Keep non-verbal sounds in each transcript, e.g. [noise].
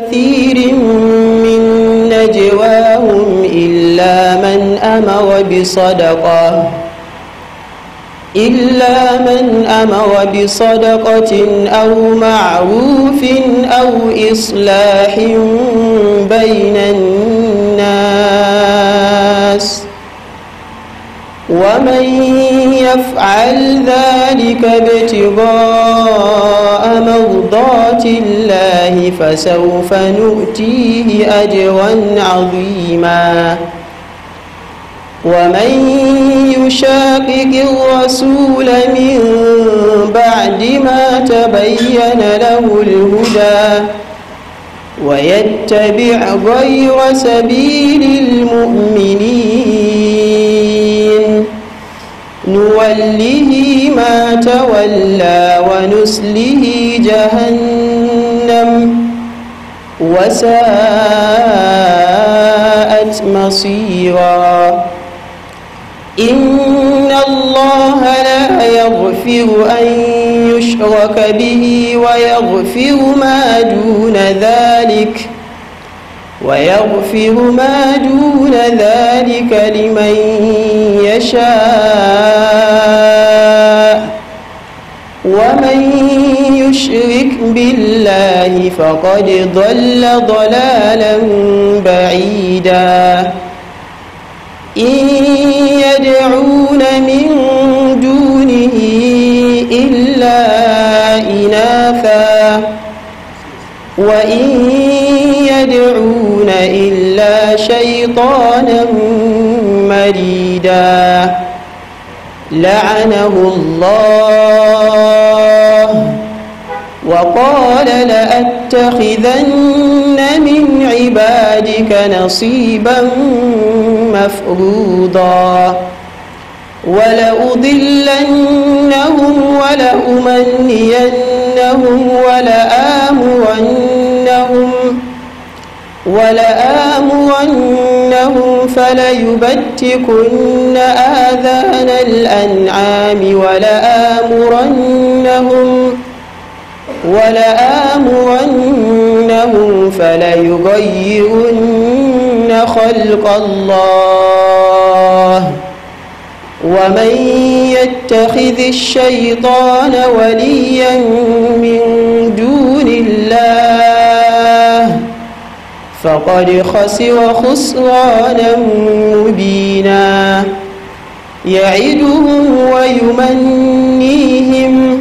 كثير من نجواهم إلا من أمر بصدقة إلا من أمر بصدقة أو معروف أو إصلاح بين الناس ومن يفعل ذلك ابتغاء مرضات الله فسوف نؤتيه أجرا عظيما ومن يشاقق الرسول من بعد ما تبين له الهدى ويتبع غير سبيل المؤمنين نوله ما تولى ونسله جهنم وساءت مصيرا إن الله لا يغفر أن يشرك به ويغفر ما دون ذلك ويغفر ما دون ذلك لمن يشاء ومن يشرك بالله فقد ضل ضلالا بعيدا إن يدعون من دونه إلا إناثا وإن يدعون إلا شيطانا مريدا لعنه الله وقال لأتخذن من عبادك نصيبا مفروضا ولأضلنهم ولأمنينهم ولآمرنهم ولآمرنهم فليبتكن آذان الأنعام ولآمرنهم ولآمرنهم فليغيرن خلق الله ومن يتخذ الشيطان وليا من دون الله فقد خسر خسرانا مبينا يعدهم ويمنيهم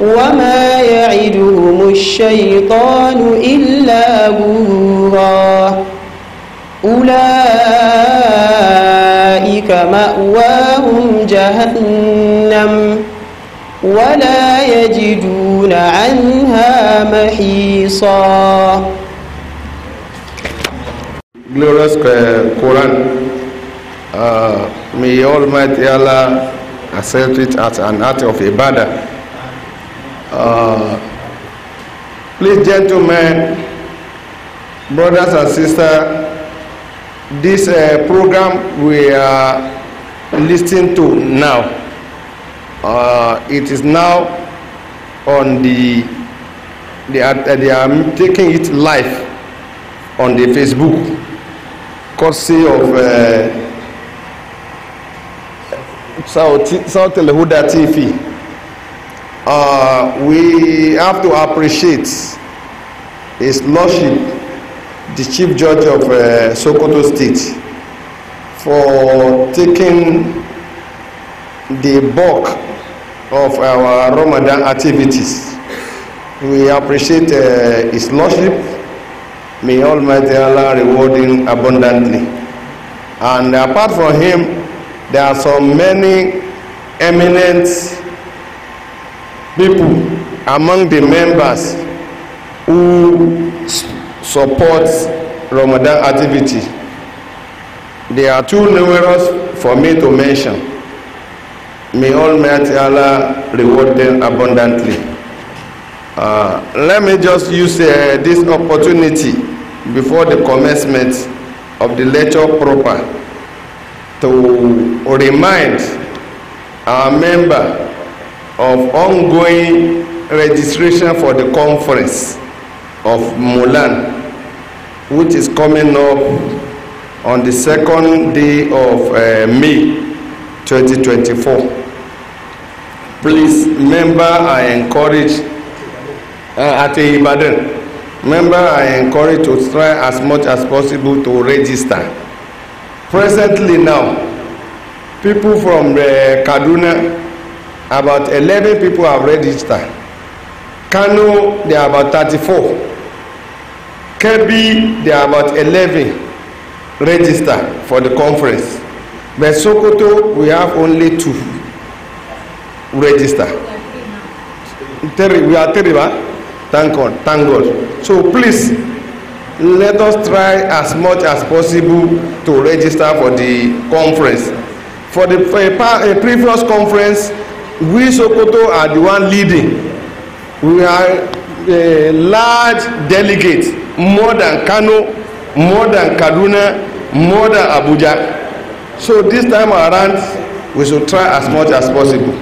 وما يعدهم الشيطان إلا غرورا أولئك مأواهم جهنم ولا يجدون عنها محيصا glorious uh, Quran. Uh, may Almighty Allah accept it as an act of ibadah. Uh, please, gentlemen, brothers and sisters, this uh, program we are listening to now, uh, it is now on the, they are, they are taking it live on the Facebook. courtesy of uh, South Huda TV, uh, we have to appreciate His Lordship, the Chief Judge of uh, Sokoto State, for taking the bulk of our Ramadan activities. We appreciate uh, His Lordship May Almighty Allah reward him abundantly. And apart from him, there are so many eminent people among the members who support Ramadan activity. They are too numerous for me to mention. May Almighty Allah reward them abundantly. Uh, let me just use uh, this opportunity before the commencement of the lecture proper to remind our member of ongoing registration for the conference of Mulan which is coming up on the second day of uh, May 2024 please member I encourage uh, at Ibadan member are encouraged to try as much as possible to register presently now people from uh, kaduna about 11 people have registered kano there are about 34. four kebbi they are about 11 register for the conference but sokoto we have only two register three we are three Right? thank God thank God so please let us try as much as possible to register for the conference for the for a, pa, a previous conference we Sokoto are the one leading we are a large delegate more than Kano more than Kaduna more than Abuja so this time around we should try as much as possible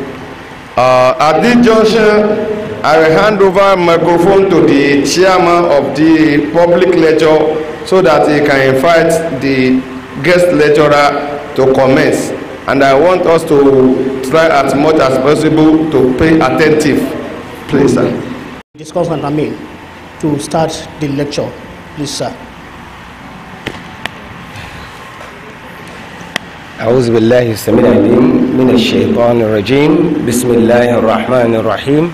uh, at this junction I will hand over microphone to the chairman of the public lecture so that he can invite the guest lecturer to commence. And I want us to try as much as possible to pay attentive. Please, sir. This and I to start the lecture. Please, sir. أعوذ بالله السميع العليم من الشيطان الرجيم بسم الله الرحمن الرحيم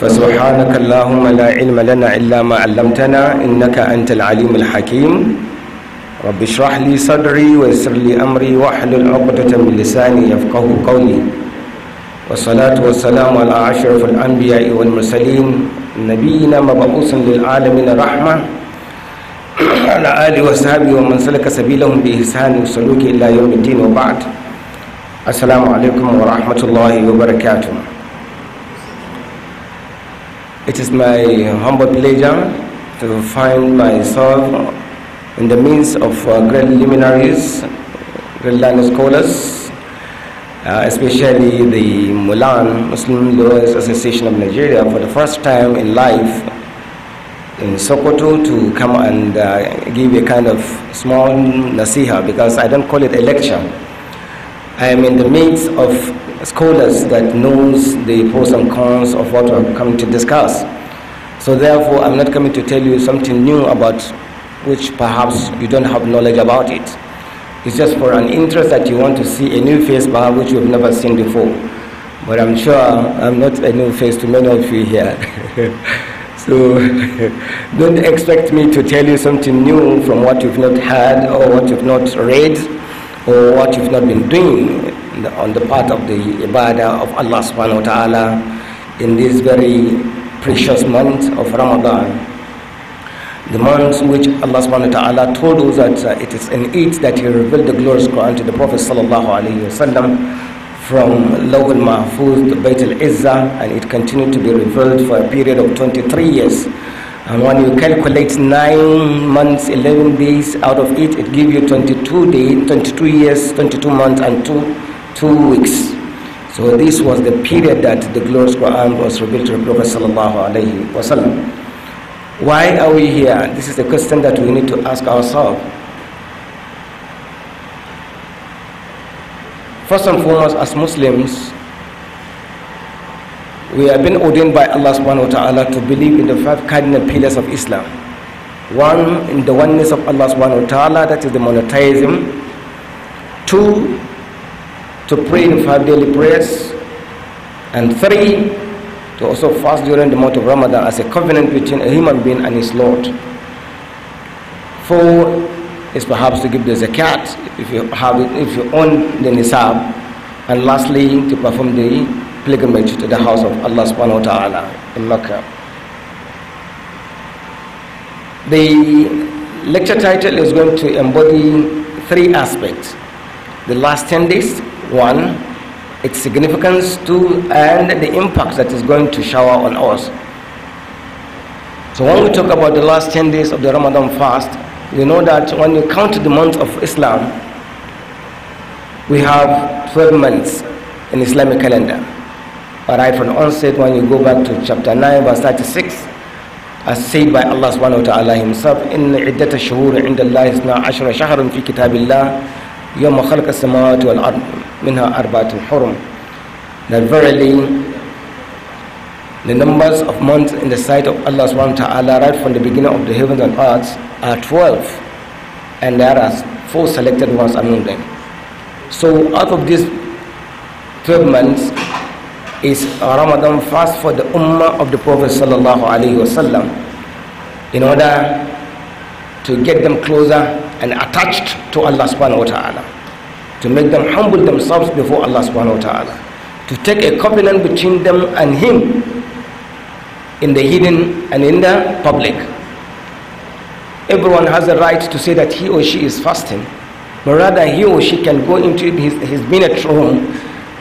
فسبحانك اللهم لا علم لنا إلا ما علمتنا إنك أنت العليم الحكيم رب اشرح لي صدري ويسر لي أمري واحلل عقدة من لساني يفقه قولي والصلاة والسلام على أشرف الأنبياء والمرسلين نبينا مبعوث للعالمين رحمة على آله وصحبه ومن سلك سبيلهم بإحسان وسلوك إلى يوم الدين وبعد السلام عليكم ورحمة الله وبركاته It is my humble pleasure to find myself in the midst of uh, great luminaries, great learned scholars, uh, especially the Mulan Muslim Lawyers Association of Nigeria for the first time in life in Sokoto to come and uh, give a kind of small nasiha because I don't call it a lecture. I am in the midst of scholars that knows the pros and cons of what we're coming to discuss. So therefore, I'm not coming to tell you something new about which perhaps you don't have knowledge about it. It's just for an interest that you want to see a new face perhaps which you've never seen before. But I'm sure I'm not a new face to many of you here. [laughs] so [laughs] don't expect me to tell you something new from what you've not heard or what you've not read or what you've not been doing on the part of the ibadah of Allah subhanahu wa ta'ala in this very precious month of Ramadan. The month which Allah subhanahu wa ta'ala told us that uh, it is in it that He revealed the glorious Quran to the Prophet sallallahu alayhi wasallam from Law al-Mahfuz to Bayt al-Izzah and it continued to be revealed for a period of 23 years. And when you calculate 9 months, 11 days out of it, it gives you 22 days, 22 years, 22 months and 2 two weeks. So this was the period that the glorious Quran was revealed to the Prophet sallallahu alaihi wasallam. Why are we here? This is the question that we need to ask ourselves. First and foremost, as Muslims, we have been ordained by Allah subhanahu wa ta'ala to believe in the five cardinal pillars of Islam. One, in the oneness of Allah subhanahu wa ta'ala, that is the monotheism. Two, to pray the five daily prayers, and three, to also fast during the month of Ramadan as a covenant between a human being and his Lord. Four is perhaps to give the zakat if you have it, if you own the nisab, and lastly to perform the pilgrimage to the house of Allah subhanahu wa ta'ala in Mecca. The lecture title is going to embody three aspects the last 10 days, one, its significance. Two, and the impact that is going to shower on us. So when we talk about the last 10 days of the Ramadan fast, you know that when you count the month of Islam, we have 12 months in Islamic calendar. Right from onset, when you go back to chapter 9, verse 36, as said by Allah subhanahu wa ta'ala himself, إِنَّ عِدَّةَ الشُّهُورِ عِنْدَ اللَّهِ إِثْنَا عَشْرَ شَهْرٌ فِي كِتَابِ اللَّهِ يوم خلق السماوات والأرض منها أربعة حرم that verily the numbers of months in the sight of Allah subhanahu wa ta'ala right from the beginning of the heavens and earth are 12 and there are four selected ones among them so out of these 12 months is Ramadan fast for the Ummah of the Prophet sallallahu alayhi wasallam in order to get them closer and attached to Allah subhanahu wa ta'ala. To make them humble themselves before Allah subhanahu wa ta'ala. To take a covenant between them and Him in the hidden and in the public. Everyone has a right to say that he or she is fasting, but rather he or she can go into his, his minute room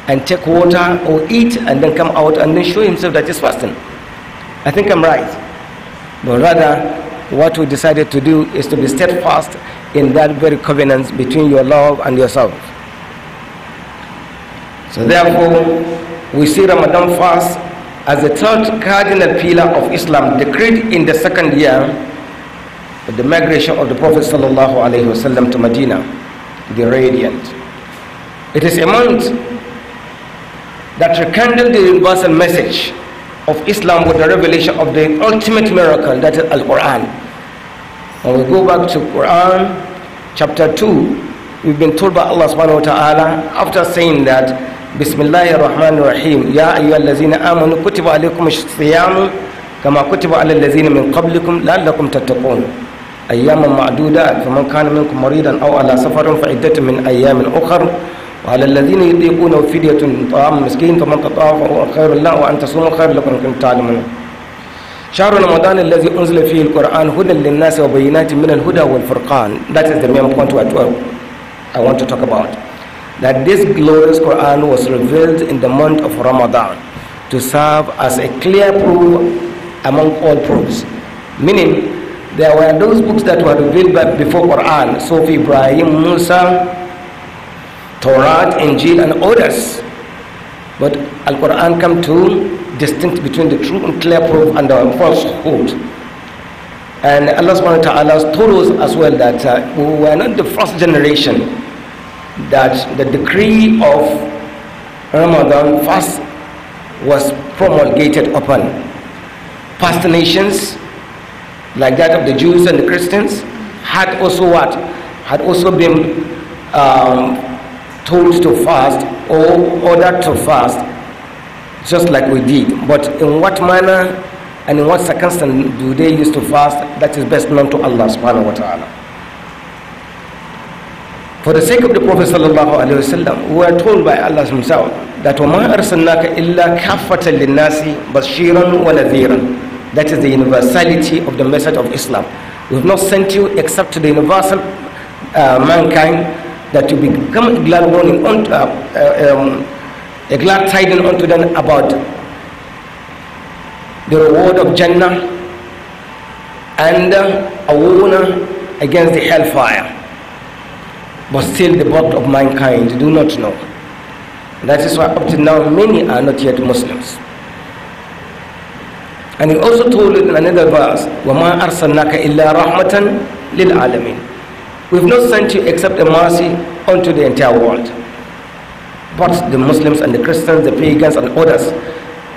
and take water or eat and then come out and then show himself that he's fasting. I think I'm right. But rather, what we decided to do is to be steadfast in that very covenant between your love and yourself. So therefore, we see Ramadan fast as the third cardinal pillar of Islam decreed in the second year with the migration of the Prophet sallallahu alaihi wasallam to Medina, the radiant. It is a month that rekindled the universal message of Islam with the revelation of the ultimate miracle that is Al Quran. And we go back to Quran chapter 2. We've been told by Allah subhanahu wa ta'ala after saying that Bismillah Bismillahir Rahmanir Rahim Ya ayyuhallazina amanu kutiba alaykumus siyamu kama kutiba alal lazina min qablikum la'allakum tattaqun. أياما معدودات فمن كان منكم مريضا أو على سفر فعدة من أيام أخر وعلى الذين يطيقونه فدية طعام مسكين فمن تطاوع خير الله وأن تصوموا خير لكم إن كنتم تعلمون شهر رمضان الذي أنزل فيه القرآن هدى للناس وبينات من الهدى والفرقان that is the main point I want to talk about that this glorious Quran was revealed in the month of Ramadan to serve as a clear proof among all proofs meaning there were those books that were revealed before Quran Sufi Ibrahim Musa Torah Injil and others but Al-Quran came to distinct between the true and clear proof and the falsehood. And Allah subhanahu wa ta'ala told us as well that uh, we were not the first generation that the decree of Ramadan fast was promulgated upon. Past nations, like that of the Jews and the Christians, had also what? Had also been um, told to fast or ordered to fast just like we did. But in what manner and in what circumstance do they use to fast? That is best known to Allah subhanahu wa ta'ala. For the sake of the Prophet sallallahu alaihi wasallam, we are told by Allah Himself that وَمَا أَرْسَلْنَاكَ إِلَّا كَافَّةً لِلنَّاسِ بَشِيرًا وَنَذِيرًا That is the universality of the message of Islam. We have not sent you except to the universal uh, mankind that you become a glad warning unto, uh, uh, um, a glad tidings unto them about the reward of Jannah and uh, a warning against the hellfire. But still, the bulk of mankind do not know. That is why, up to now, many are not yet Muslims. And he also told in another verse, وَمَا أَرْسَلْنَاكَ إِلَّا رَحْمَةً لِلْعَالَمِينَ We've not sent you except a mercy unto the entire world. both the Muslims and the Christians, the pagans and others,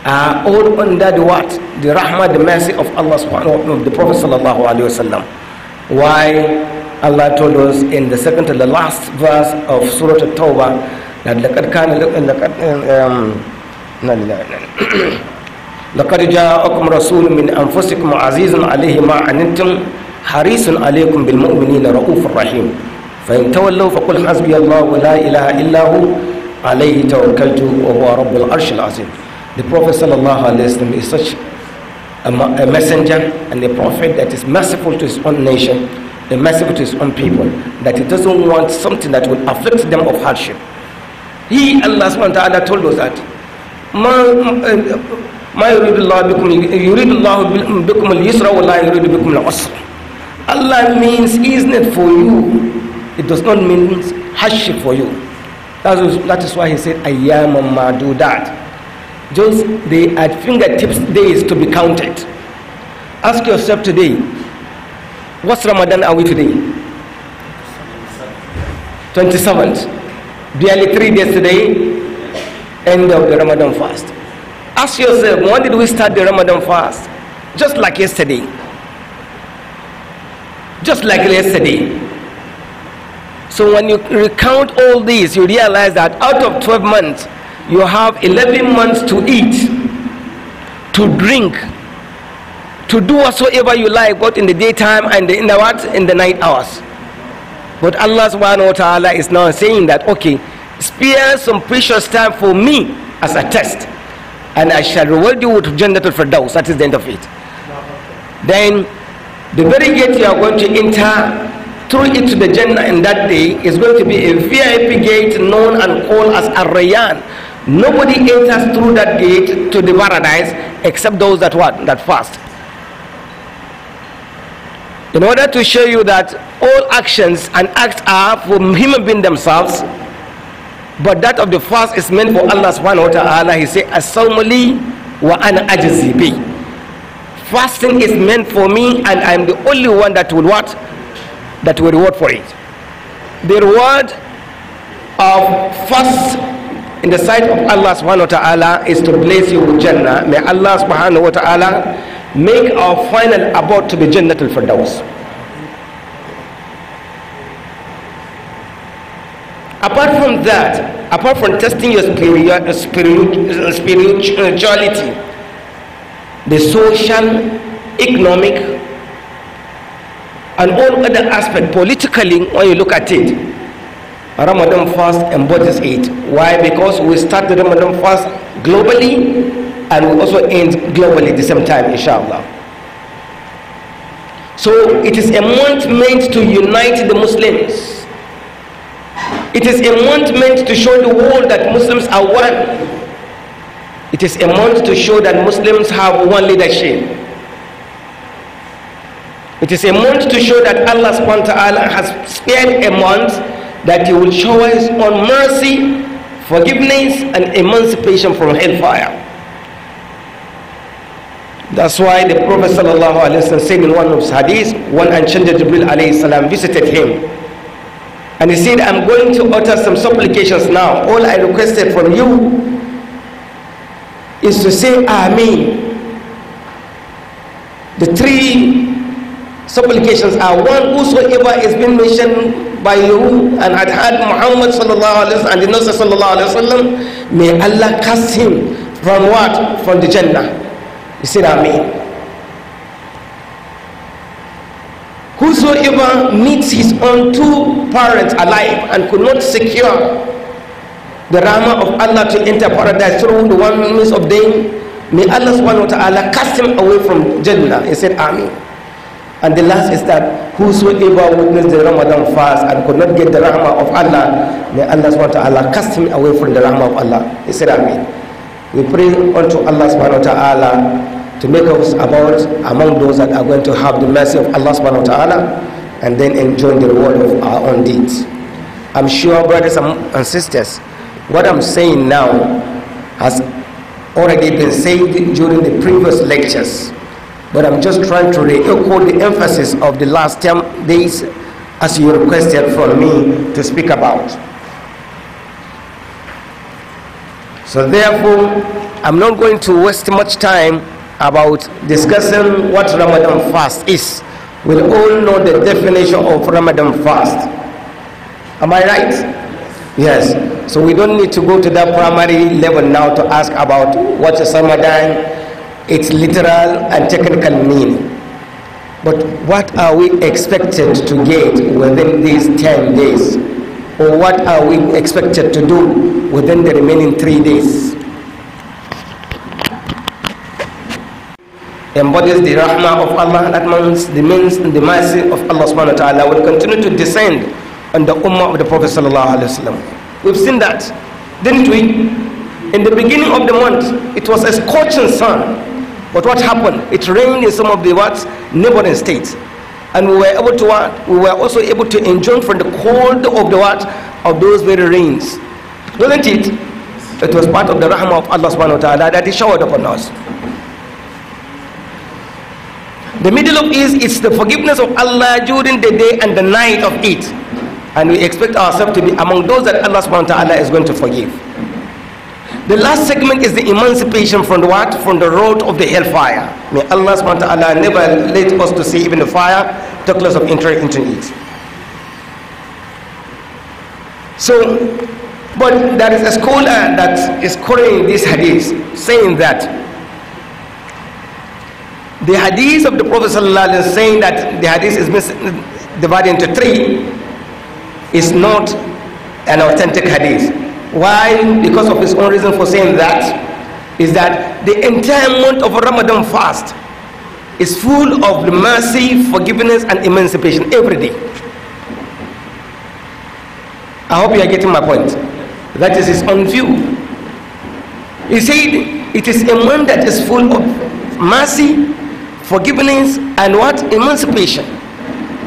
are all under the what? The rahmah, the mercy of Allah subhanahu the Prophet sallallahu alayhi wasallam. Why Allah told us in the second to the last verse of Surah At-Tawbah that لَقَدْ كَانَ لَقَدْ جَاءَكُمْ رَسُولٌ مِّنْ أَنفُسِكُمْ عَزِيزٌ عَلَيْهِ مَا عَنِتُّمْ حَرِيصٌ عَلَيْكُمْ بِالْمُؤْمِنِينَ رَؤُوفٌ رَحِيمٌ alayhi tawakkaltu wa huwa rabbul arshil azim. The Prophet sallallahu alaihi wasallam is such a, a messenger and a prophet that is merciful to his own nation, a merciful to his own people, that he doesn't want something that will afflict them of hardship. He, Allah subhanahu wa ta'ala told us that ما يريد الله بكم يريد Allah means easiness for you it does not mean hardship for you that is, that is why he said, "I am Ayyaman Madudat. Just the at fingertips days to be counted. Ask yourself today, what's Ramadan are we today? 27th. Barely three days today, end of the Ramadan fast. Ask yourself, when did we start the Ramadan fast? Just like yesterday. Just like yesterday. So when you recount all these, you realize that out of 12 months, you have 11 months to eat, to drink, to do whatsoever you like, both in the daytime and in the what in the night hours. But Allah subhanahu wa ta'ala is now saying that okay, spare some precious time for me as a test, and I shall reward you with Jannatul Firdaus. That is the end of it. Then the very gate you are going to enter through it to the Jannah in that day is going to be a VIP gate known and called as Arayan. Nobody enters through that gate to the paradise except those that what? That fast. In order to show you that all actions and acts are for human beings themselves, but that of the fast is meant for Allah subhanahu wa ta'ala. He said, as wa an ajzi Fasting is meant for me and I am the only one that will what? that we reward for it. The reward of first in the sight of Allah subhanahu wa ta'ala is to bless you with Jannah. May Allah subhanahu wa ta'ala make our final abode to be Jannah for Firdaus. Apart from that, apart from testing your spirituality, the social, economic, and all other aspects politically when you look at it ramadan fast embodies it why because we start the ramadan fast globally and we also end globally at the same time inshallah so it is a month meant to unite the muslims it is a month meant to show the world that muslims are one it is a month to show that muslims have one leadership it is a month to show that Allah subhanahu wa ta'ala has spared a month that He will show us on mercy, forgiveness, and emancipation from hellfire. That's why the Prophet sallallahu alaihi wasallam said in one of his hadiths, one ancient Jibril alayhi salam visited him. And he said, I'm going to utter some supplications now. All I requested from you is to say Ameen. The three supplications are one whosoever is being mentioned by you and had had Muhammad sallallahu alaihi and the Nabi sallallahu alaihi wasallam, may Allah cast him from what? From the Jannah. You see that I mean? Whosoever meets his own two parents alive and could not secure the Rama of Allah to enter paradise through the one means of them, may Allah subhanahu wa ta'ala cast him away from Jannah. He said, Amen. And the last is that whosoever witnessed the Ramadan fast and could not get the rahmah of Allah, may Allah subhanahu cast him away from the rahmah of Allah. He said, Amen. We pray unto Allah subhanahu ta'ala to make us about among those that are going to have the mercy of Allah subhanahu ta'ala and then enjoy the reward of our own deeds. I'm sure, brothers and sisters, what I'm saying now has already been said during the previous lectures. But I'm just trying to re-echo the emphasis of the last 10 days as you requested from me to speak about. So therefore, I'm not going to waste much time about discussing what Ramadan fast is. We all know the definition of Ramadan fast. Am I right? Yes. So we don't need to go to that primary level now to ask about what is Ramadan, its literal and technical meaning. But what are we expected to get within these 10 days? Or what are we expected to do within the remaining three days? Embodies the rahmah of Allah, that means the, means, and the mercy of Allah subhanahu wa ta'ala will continue to descend on the ummah of the Prophet sallallahu We've seen that, didn't we? In the beginning of the month, it was a scorching sun but what happened? It rained in some of the what neighboring states, and we were able to what uh, we were also able to enjoy from the cold of the what of those very rains, wasn't it? It was part of the rahmah of Allah subhanahu wa taala that He showered upon us. The Middle of East is the forgiveness of Allah during the day and the night of it, and we expect ourselves to be among those that Allah subhanahu wa taala is going to forgive. The last segment is the emancipation from the what? From the road of the hellfire. May Allah subhanahu wa ta'ala never let us to see even the fire, talk less of entering into it. So, but there is a scholar that is quoting this hadith saying that the hadith of the Prophet sallallahu alaihi saying that the hadith is divided into three is not an authentic hadith. Why? Because of his own reason for saying that is that the entire month of Ramadan fast is full of mercy, forgiveness, and emancipation every day. I hope you are getting my point. That is his own view. He said it is a month that is full of mercy, forgiveness, and what? Emancipation.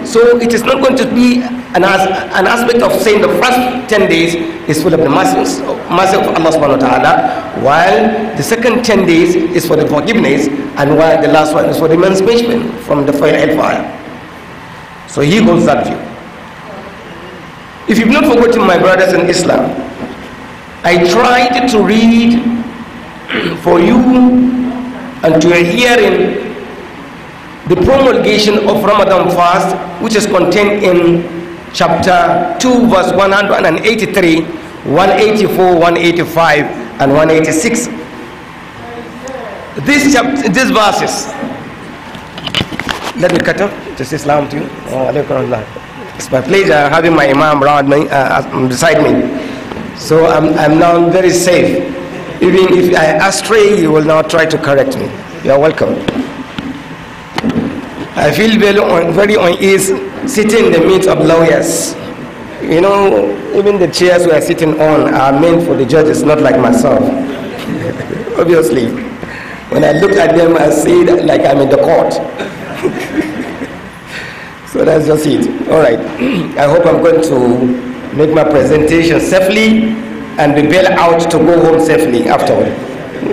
So it is not going to be an, as, an aspect of saying the first 10 days is full of the mercy of Allah subhanahu wa ta'ala, while the second 10 days is for the forgiveness, and while the last one is for the emancipation from the fire and fire. So he holds that view. If you've not forgotten my brothers in Islam, I tried to read [clears throat] for you and to your hearing the promulgation of Ramadan fast, which is contained in chapter 2, verse 183, 184, 185, and 186. These, chapter, these verses, let me cut off. Just Islam to you. Oh, it's my pleasure having my Imam around me, uh, uh, beside me. So I'm, I'm now very safe. Even if I astray, you will not try to correct me. You are welcome. I feel very, un very uneasy sitting in the midst of lawyers. You know, even the chairs we are sitting on are meant for the judges, not like myself. [laughs] Obviously, when I look at them, I see like I'm in the court. [laughs] so that's just it. All right. [clears throat] I hope I'm going to make my presentation safely and be bailed out to go home safely afterward.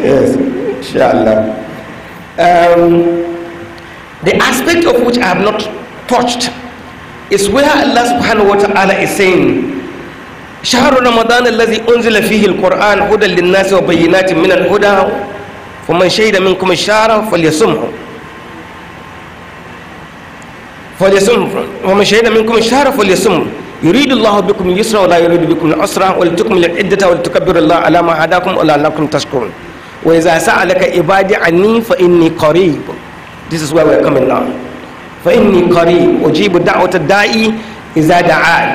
Yes, inshallah. Um, the aspect of which I have not touched is where Allah subhanahu wa ta'ala is saying شهر رمضان الذي أنزل فيه القرآن هدى للناس وبينات من الهدى فمن شهد منكم الشهر فليصمه فليصمه ومن شهد منكم الشهر فليصمه يريد الله بكم اليسر ولا يريد بكم العسر ولتكمل العدة ولتكبروا الله على ما هداكم ولعلكم تشكرون وإذا سألك عبادي عني فإني قريب This is where we're coming now. فَإِنِّي قَرِيبٌ أُجِيبُ دَعْوَةَ الدَّاءِ إِذَا دَعَانِ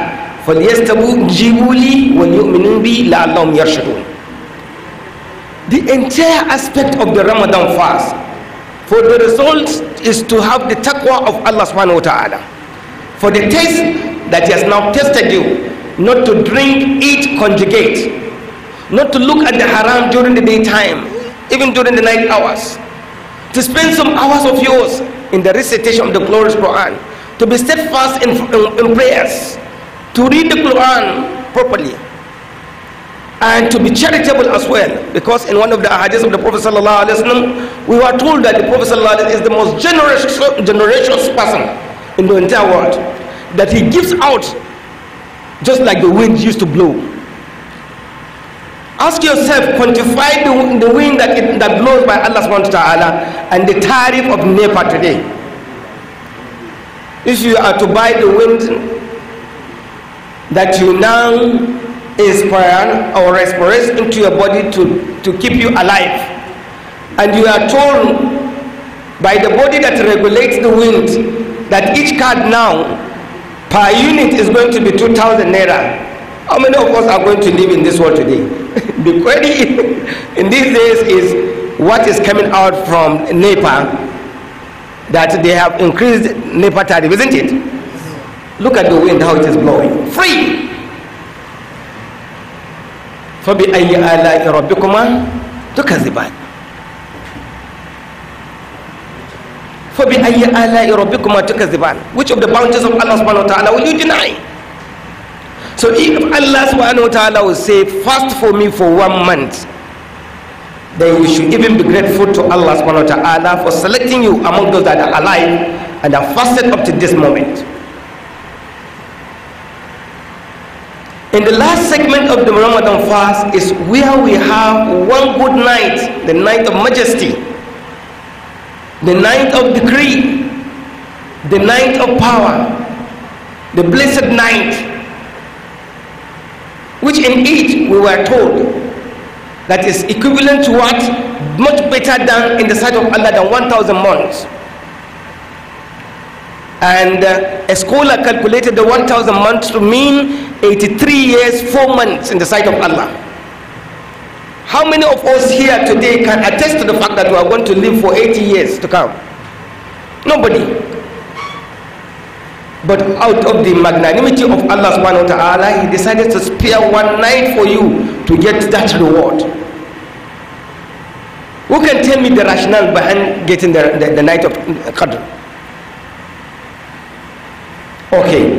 فَلْيَسْتَجِيبُوا لِي وَلْيُؤْمِنُوا بِي لَعَلَّهُمْ يَرْشُدُونَ The entire aspect of the Ramadan fast for the result is to have the taqwa of Allah subhanahu wa ta'ala. For the test that He has now tested you, not to drink, eat, conjugate, not to look at the haram during the daytime, even during the night hours to spend some hours of yours in the recitation of the glorious Quran, to be steadfast in, in, in prayers, to read the Quran properly, and to be charitable as well. Because in one of the hadiths of the Prophet ﷺ, we were told that the Prophet is the most generous, generous person in the entire world, that he gives out just like the wind used to blow. Ask yourself, quantify the, the wind that, it, that blows by Allah subhanahu wa ta'ala and the tariff of Nepal today. If you are to buy the wind that you now inspire or respirate into your body to, to keep you alive, and you are told by the body that regulates the wind that each card now per unit is going to be 2,000 naira how many of us are going to live in this world today? the [laughs] query [laughs] in these days is what is coming out from Nepal that they have increased NEPA tariff, isn't it? Look at the wind, how it is blowing. Free! فبأي آلاء ربكما تكذبان فبأي آلاء ربكما تكذبان Which of the bounties of Allah subhanahu wa ta'ala will you deny? So if Allah subhanahu wa ta'ala will say, fast for me for one month, then we should even be grateful to Allah subhanahu wa ta'ala for selecting you among those that are alive and are fasted up to this moment. In the last segment of the Ramadan fast is where we have one good night, the night of majesty, the night of decree, the night of power, the blessed night which in it we were told that is equivalent to what? Much better than in the sight of Allah than 1,000 months. And uh, a scholar calculated the 1,000 months to mean 83 years, 4 months in the sight of Allah. How many of us here today can attest to the fact that we are going to live for 80 years to come? Nobody. But out of the magnanimity of Allah subhanahu wa ta'ala, He decided to spare one night for you to get that reward. Who can tell me the rationale behind getting the, the, the night of Qadr? Okay.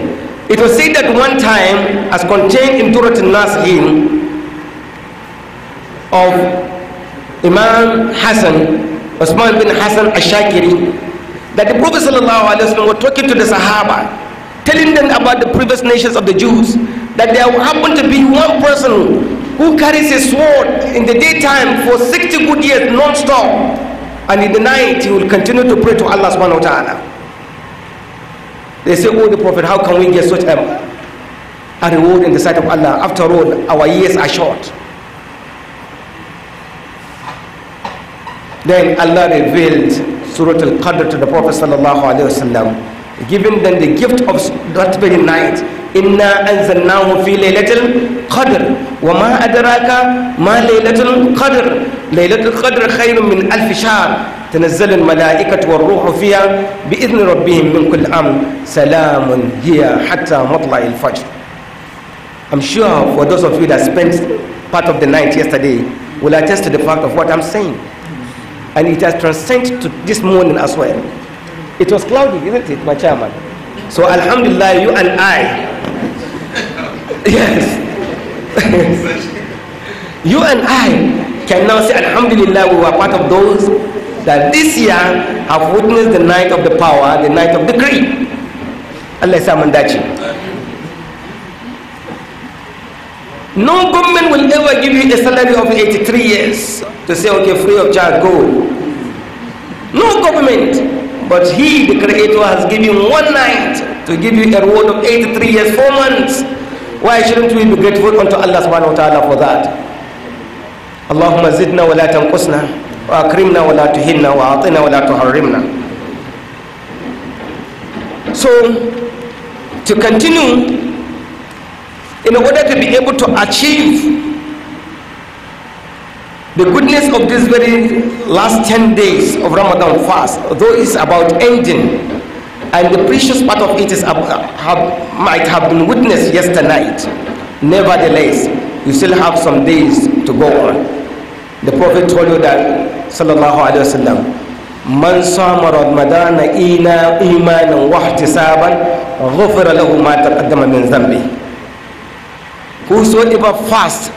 It was said that one time, as contained in Turat al-Nasihim, of Imam Hassan, Osman bin Hassan al-Shakiri, that the Prophet ﷺ was talking to the Sahaba, telling them about the previous nations of the Jews, that there happened to be one person who carries a sword in the daytime for 60 good years non-stop, and in the night he will continue to pray to Allah subhanahu wa ta'ala. They say, oh the Prophet, how can we get such a, a reward in the sight of Allah? After all, our years are short. Then Allah revealed Surah Al-Qadr to the Prophet wasallam, giving them the gift of that very night. Inna anzalnahu fi laylatil qadr wa ma adraka ma laylatul qadr laylatul qadr khayrun min alf shahr تنزل الملائكة والروح فيها بإذن ربهم من كل salamun سلام هي حتى مطلع fajr. I'm sure for those of you that spent part of the night yesterday will attest to the fact of what I'm saying. and it has transcended to this morning as well. It was cloudy, isn't it, my chairman? So, Alhamdulillah, you and I, yes, [laughs] you and I can now say, Alhamdulillah, we were part of those that this year have witnessed the night of the power, the night of the creed. Allah is No government will ever give you a salary of 83 years to say, okay, free of charge, go. No government. But He, the Creator, has given one night to give you a reward of 83 years, 4 months. Why shouldn't we be grateful unto Allah subhanahu wa ta'ala for that? wa akrimna wa la وأكرمنا wa تهنا wa la تحرمنا So, to continue, in order to be able to achieve the goodness of this very last 10 days of Ramadan fast, though it's about ending, and the precious part of it is uh, have, might have been witnessed yesternight. Nevertheless, you still have some days to go on. The Prophet told you that, sallallahu Alaihi wasallam, من صام رمضان إيمانا واحتسابا غفر له ما تقدم من ذنبه whosoever fasts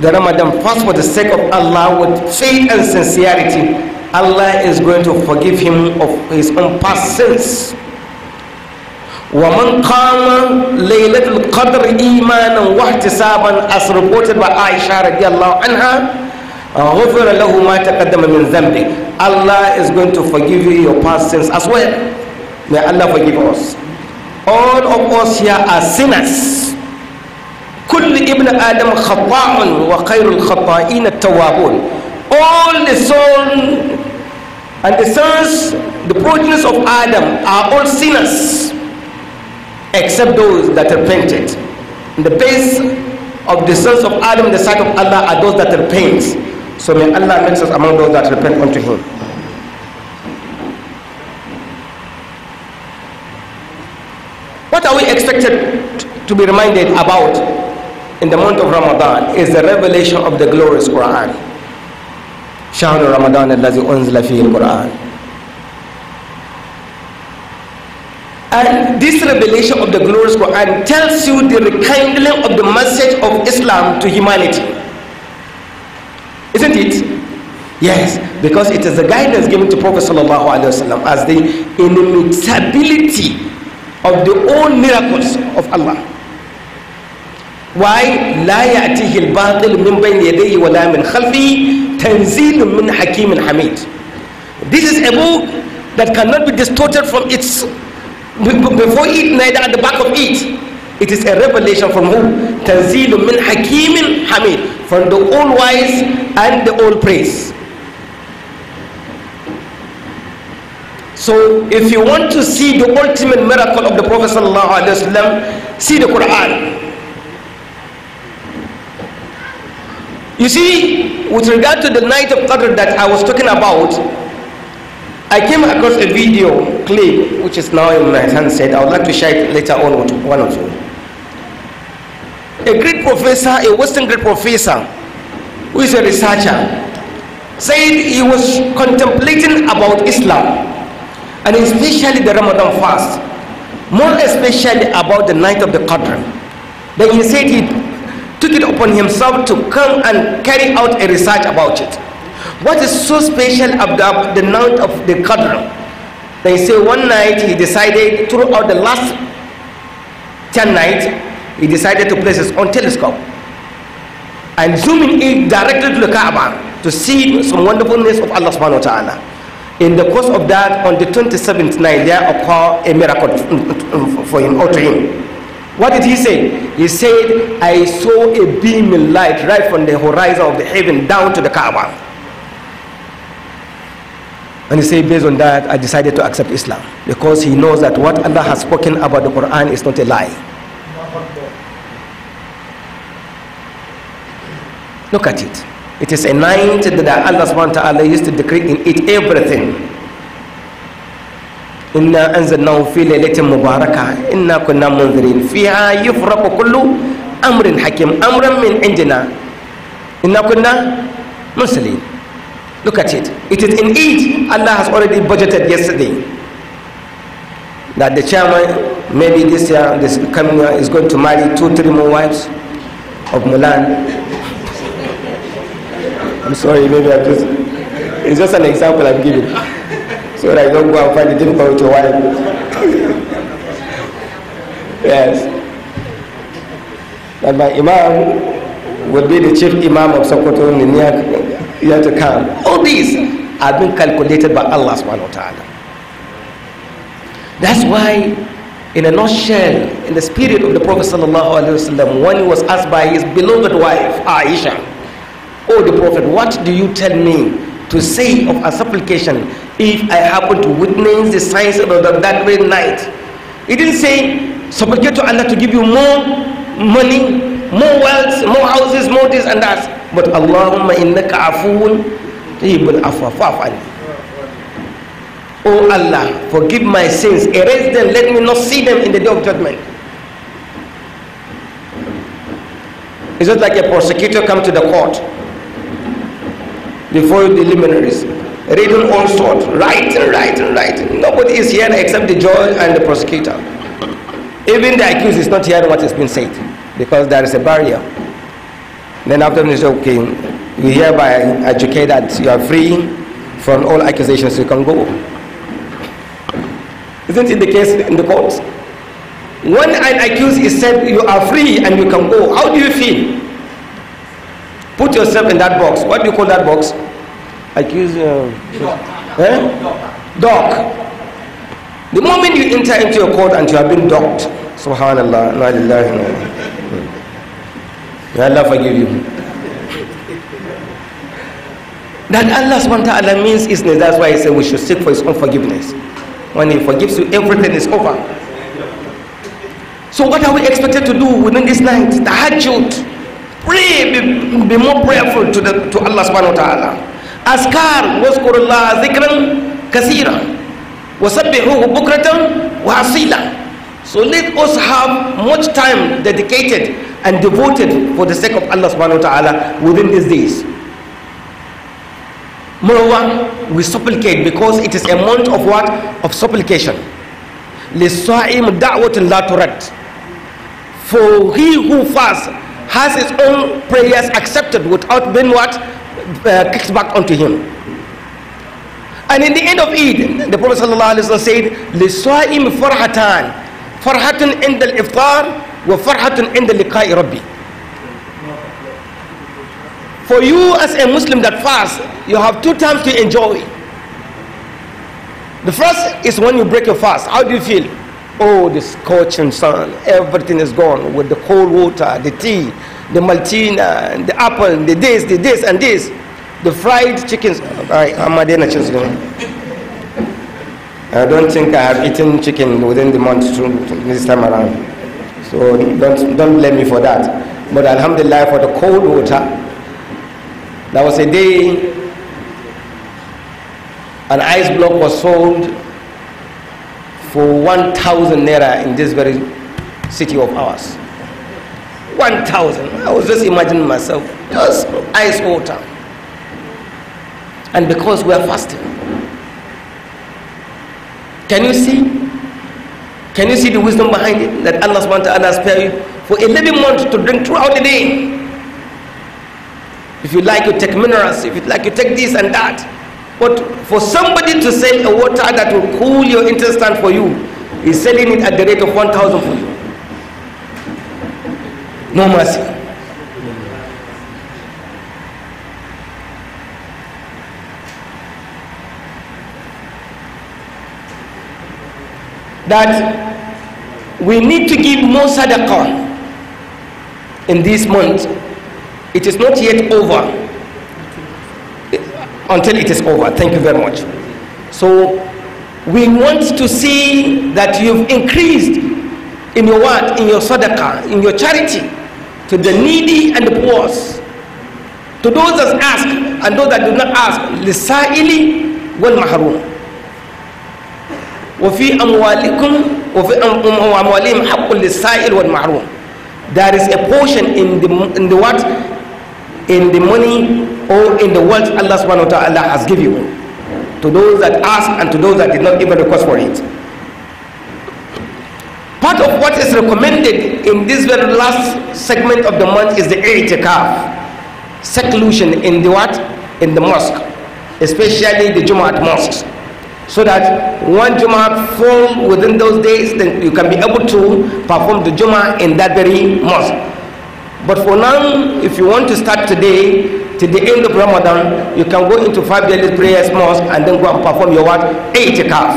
the Ramadan fast for the sake of Allah with faith and sincerity, Allah is going to forgive him of his own past sins. وَمَنْ قَامَ لَيْلَةُ الْقَدْرِ إِيمَانًا وَاحْتِسَابًا as reported by Aisha radiallahu anha غُفِرَ لَهُ مَا تَقَدَّمَ مِنْ ذَنْبِ Allah is going to forgive you your past sins as well. May Allah forgive us. All of us here are sinners. All the sons and the sons, the progenies of Adam are all sinners except those that repented. the base of the sons of Adam the sight of Allah are those that repent. So may Allah makes us among those that repent unto Him. What are we expected to be reminded about in the month of Ramadan is the revelation of the glorious Quran. شهر رمضان الذي أنزل فيه القرآن. And this revelation of the glorious Quran tells you the rekindling of the message of Islam to humanity. Isn't it? Yes, because it is the guidance given to Prophet Wasallam as the inimitability of the own miracles of Allah. Why? لا يأتيه الباطل من بين يديه ولا من خلفه تنزيل من حكيم حميد. This is a book that cannot be distorted from its before it neither at the back of it. It is a revelation from who? تنزيل من حكيم حميد from the all wise and the all praise. So if you want to see the ultimate miracle of the Prophet ﷺ, see the Quran. You see, with regard to the night of Qadr that I was talking about, I came across a video clip which is now in my handset. I would like to share it later on with one of you. A great professor, a Western great professor, who is a researcher, said he was contemplating about Islam and especially the Ramadan fast, more especially about the night of the Qadr. Then he said he took it upon himself to come and carry out a research about it. What is so special about the night of the Qadr? They say one night he decided throughout the last 10 nights, he decided to place his own telescope and zooming in directly to the Kaaba to see some wonderfulness of Allah subhanahu wa ta'ala. In the course of that, on the 27th night, there occurred a miracle for him or to him. What did he say? He said, I saw a beam of light right from the horizon of the heaven down to the Kaaba. And he said, based on that, I decided to accept Islam. Because he knows that what Allah has spoken about the Quran is not a lie. Look at it. It is a night that Allah subhanahu wa ta'ala used to decree in it everything. إنا أنزلناه في ليلة مباركة إنا كنا منذرين فيها يفرق كل أمر حكيم أمرا من عندنا إنا كنا مرسلين Look at it. It is in it Allah has already budgeted yesterday that the chairman maybe this year, this coming year, is going to marry two, three more wives of Mulan. I'm sorry, maybe I'm just, it's just an example I'm giving. so that I don't go and find it difficult to wife. [laughs] yes. And my imam will be the chief imam of Sokoto in the near yet to come. All these have been calculated by Allah subhanahu wa ta'ala. That's why, in a nutshell, in the spirit of the Prophet sallallahu alaihi wasallam, when he was asked by his beloved wife, Aisha, Oh, the Prophet, what do you tell me to say of a supplication, if I happen to witness the signs of that very night. He didn't say, supplicate to Allah to give you more money, more wealth, more houses, more this and that. But Allahumma innaka afoon, ibn afwa, Oh Allah, forgive my sins, erase them, let me not see them in the day of judgment. It's not like a prosecutor come to the court before the luminaries. Written on sword, writing, writing, writing. Nobody is here except the judge and the prosecutor. Even the accused is not hearing what is being said because there is a barrier. Then after they say, okay, you hereby adjudicate that you are free from all accusations, you can go. Isn't it the case in the courts? When an accused is said you are free and you can go, how do you feel? Put yourself in that box. What do you call that box? Accuse. Uh, eh? Dock. The moment you enter into your court and you have been docked, subhanallah, la May Allah forgive you. That Allah subhanahu wa ta'ala means is that's why he said we should seek for his own forgiveness. When he forgives you, everything is over. So what are we expected to do within this night? The Tahajjud. Pray, be, be more prayerful to, the, to Allah subhanahu wa ta'ala. Askar, واذكر الله ذكرا kasira. وسبحوه بكرة وحصيلا so let us have much time dedicated and devoted for the sake of Allah subhanahu wa ta'ala within these days. Moreover, we supplicate because it is a month of what? Of supplication. لِلصَّائِمْ دَعْوَةٍ لَا تُرَدْ For he who fasts, has his own prayers accepted without being what uh, kicked back onto him. And in the end of Eid, the Prophet ﷺ said, لِسْوَائِمْ فَرْحَتَانِ فَرْحَةٌ عِنْدَ الْإِفْطَارِ وَفَرْحَةٌ عِنْدَ لِقَاءِ رَبِّ For you as a Muslim that fasts, you have two times to enjoy. The first is when you break your fast. How do you feel? Oh, the scorching sun, everything is gone with the cold water, the tea, the maltina, and the apple, the this, the this, and this. The fried chickens. I, I'm I don't think I have eaten chicken within the month this time around. So don't, don't blame me for that. But Alhamdulillah for the cold water. There was a day an ice block was sold for 1,000 naira in this very city of ours. 1,000. I was just imagining myself, just ice water. And because we are fasting. Can you see? Can you see the wisdom behind it? That Allah subhanahu wa ta'ala spare you for 11 months to drink throughout the day. If you like, you take minerals. If you like, you take this and that. But for somebody to sell a water that will cool your intestine for you, is selling it at the rate of 1,000 for you. No mercy. That we need to give more sadaqah in this month. It is not yet over until it is over. Thank you very much. So we want to see that you've increased in your work, In your sadaqah, in your charity to the needy and the poor. To those that ask and those that do not ask, لِسَائِلِ وَالْمَحْرُومِ وفي أموالكم وفي أموالهم حق للسائل والمحروم there is a portion in the in the what in the money or in the wealth Allah subhanahu wa ta'ala has given you to those that ask and to those that did not even request for it. Part of what is recommended in this very last segment of the month is the i'tikaf, seclusion in the what? In the mosque, especially the Jumat mosques. So that one Jumat fall within those days, then you can be able to perform the Jumat in that very mosque. But for now, if you want to start today, till the end of Ramadan, you can go into five daily prayers mosque and then go and perform your what? Itikaf.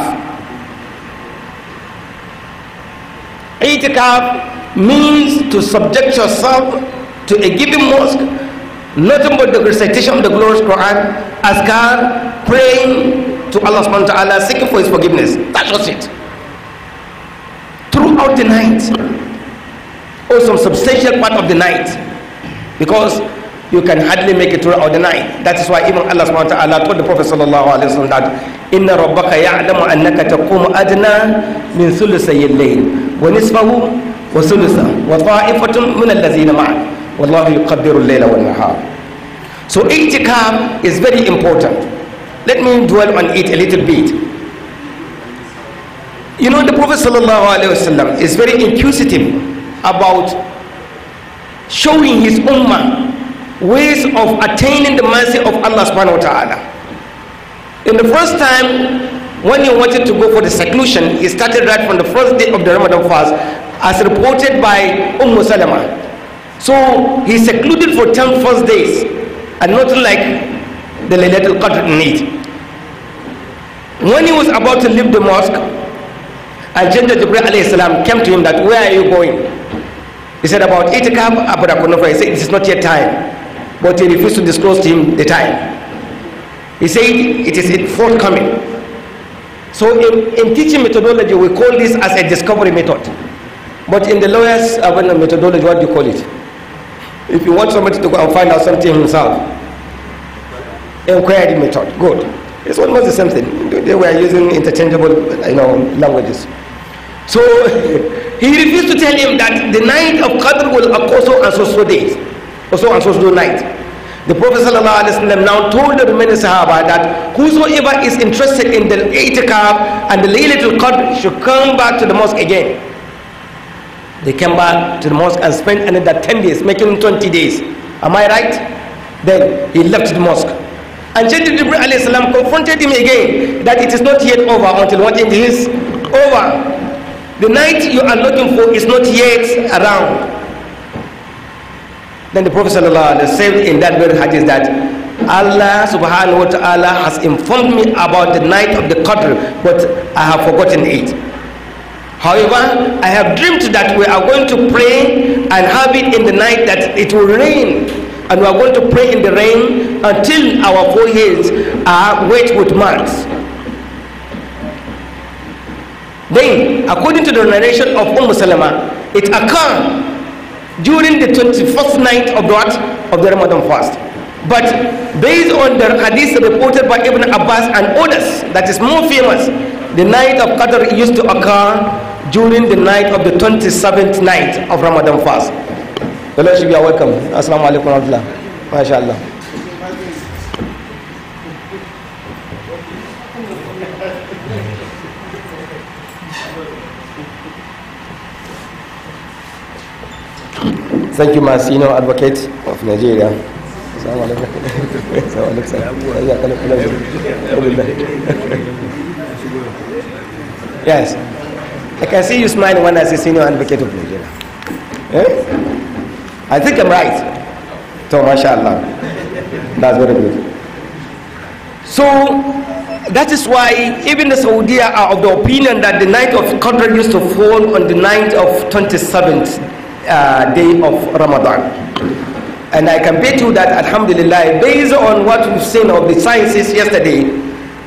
Itikaf means to subject yourself to a given mosque, nothing but the recitation of the glorious Quran, God praying to Allah subhanahu wa ta'ala, seeking for his forgiveness. That was it. Throughout the night. Oh, some substantial part of the night because you can hardly make it throughout the night. That is why even Allah subhanahu wa ta'ala told the Prophet sallallahu alayhi wa sallam that إِنَّ رَبَّكَ يَعْلَمُ أَنَّكَ تَقُومُ أَدْنَى مِنْ ثُلُثَيِ اللَّيْلِ وَنِصْفَهُ وَثُلُثَهُ وَطَائِفَةٌ مِنَ الَّذِينَ مَعَكَ وَاللَّهُ يُقَدِّرُ اللَّيْلَ وَالنَّهَارَ So itikaf is very important. Let me dwell on it a little bit. You know the Prophet sallallahu Alaihi wa is very inquisitive about showing his ummah ways of attaining the mercy of Allah subhanahu wa ta'ala. In the first time, when he wanted to go for the seclusion, he started right from the first day of the Ramadan fast, as reported by Umm Salama. So he secluded for 10 first days, and not like the Laylatul Qadr need. When he was about to leave the mosque, and Jibril alayhi came to him that, where are you going? He said about Itikaf Abu Rakunufra. He said, it is not yet time. But he refused to disclose to him the time. He said, it is forthcoming. So in, in teaching methodology, we call this as a discovery method. But in the lawyer's methodology, what do you call it? If you want somebody to go and find out something himself, inquiry method, good. It's almost the same thing. They were using interchangeable you know, languages. So [laughs] he refused to tell him that the night of Qadr will occur so and so so days, also and so so night. The Prophet ﷺ now told the remaining Sahaba that whosoever is interested in the itikaf and the Laylatul Qadr should come back to the mosque again. They came back to the mosque and spent another 10 days, making 20 days. Am I right? Then he left the mosque. And Jadid Jibril confronted him again that it is not yet over until what it is over. The night you are looking for is not yet around. Then the Prophet said in that very hadith that Allah subhanahu wa ta'ala has informed me about the night of the Qadr, but I have forgotten it. However, I have dreamed that we are going to pray and have it in the night that it will rain. And we are going to pray in the rain until our foreheads are wet with marks. Then, according to the narration of Umm Salama, it occurred during the 21st night of what? Of the Ramadan fast. But based on the hadith reported by Ibn Abbas and others, that is more famous, the night of Qadr used to occur during the night of the 27th night of Ramadan fast. The Lord should be welcome. Assalamu alaikum wa rahmatullah. MashaAllah. Thank you, Masino advocate of Nigeria. yes. I can see you smiling when I say senior advocate of Nigeria. Eh? I think I'm right. So, mashallah. That's very good. So, that is why even the Saudi are of the opinion that the night of Qadr used to fall on the night of 27th uh, day of Ramadan. And I can bet you that, alhamdulillah, based on what we've seen of the sciences yesterday,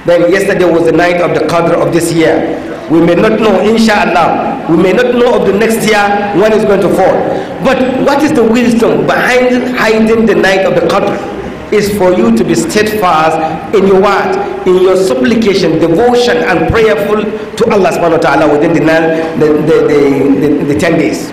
then yesterday was the night of the Qadr of this year. We may not know, inshallah, we may not know of the next year when it's going to fall. But what is the wisdom behind hiding the night of the Qadr? is for you to be steadfast in your word, In your supplication, devotion, and prayerful to Allah subhanahu wa ta'ala within the, the, the, the, the 10 days.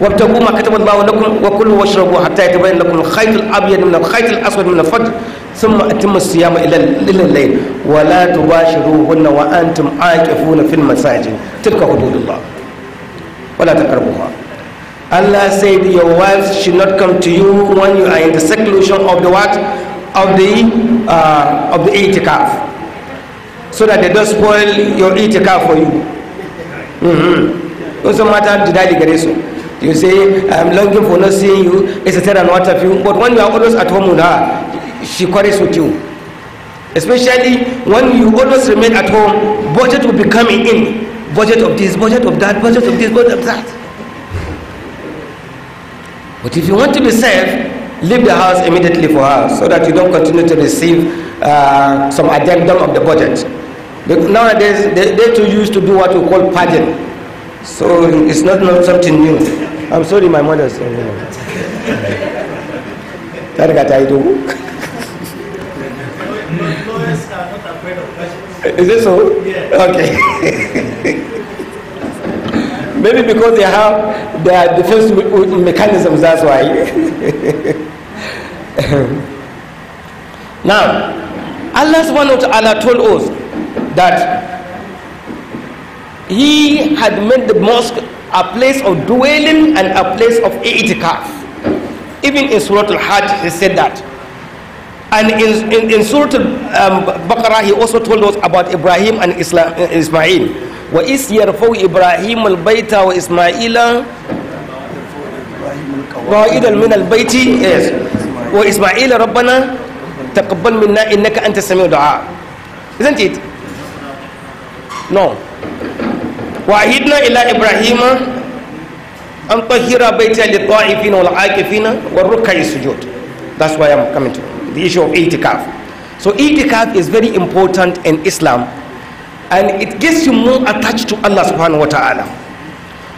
وابتغوا ما كتب الله لكم وكلوا واشربوا حتى يتبين لكم الخيط الابيض من الخيط الاسود من الفجر ثم اتم الصيام wa الليل ولا تباشروهن وانتم عاكفون في المساجد تلك حدود الله ولا تقربوها Allah said, Your wife should not come to you when you are in the seclusion of the what? Of the uh, of the itikaf. So that they don't spoil your itikaf for you. Mm-hmm. matter to You say, I'm longing for not seeing you, etc. and what have you. But when you are always at home with her, she quarrels with you. Especially when you always remain at home, budget will be coming in. Budget of this, budget of that, budget of this, budget of that. But if you want to be safe, leave the house immediately for her so that you don't continue to receive uh, some addendum of the budget. Nowadays, they, they too used to do what we call pardon. So it's not, not something new. I'm sorry, my mother said. Uh, that's what I do. Is it so? Yeah. Okay. [laughs] Maybe because they have their defense mechanisms, that's why. [laughs] Now, Allah told us that he had made the mosque a place of dwelling and a place of i'tikaf. Even in Surah Al-Hajj, he said that. And in, in, in Surah Al-Baqarah, he also told us about Ibrahim and Islam, uh, Ismail. وَإِسْ يَرْفَوْ إِبْرَاهِيمُ الْبَيْتَ وَإِسْمَائِيلَ قَائِدًا مِنَ الْبَيْتِ yes. وَإِسْمَائِيلَ رَبَّنَا تَقَبَّلْ مِنَّا إِنَّكَ أَنْتَ السَّمِيعُ الدُّعَاء Isn't it? No. وعهدنا إلى إبراهيم بيتي والعاكفين والركع السجود that's why I'm coming to the issue of itikaf so itikaf is very important in Islam and it gets you more attached to Allah subhanahu wa ta'ala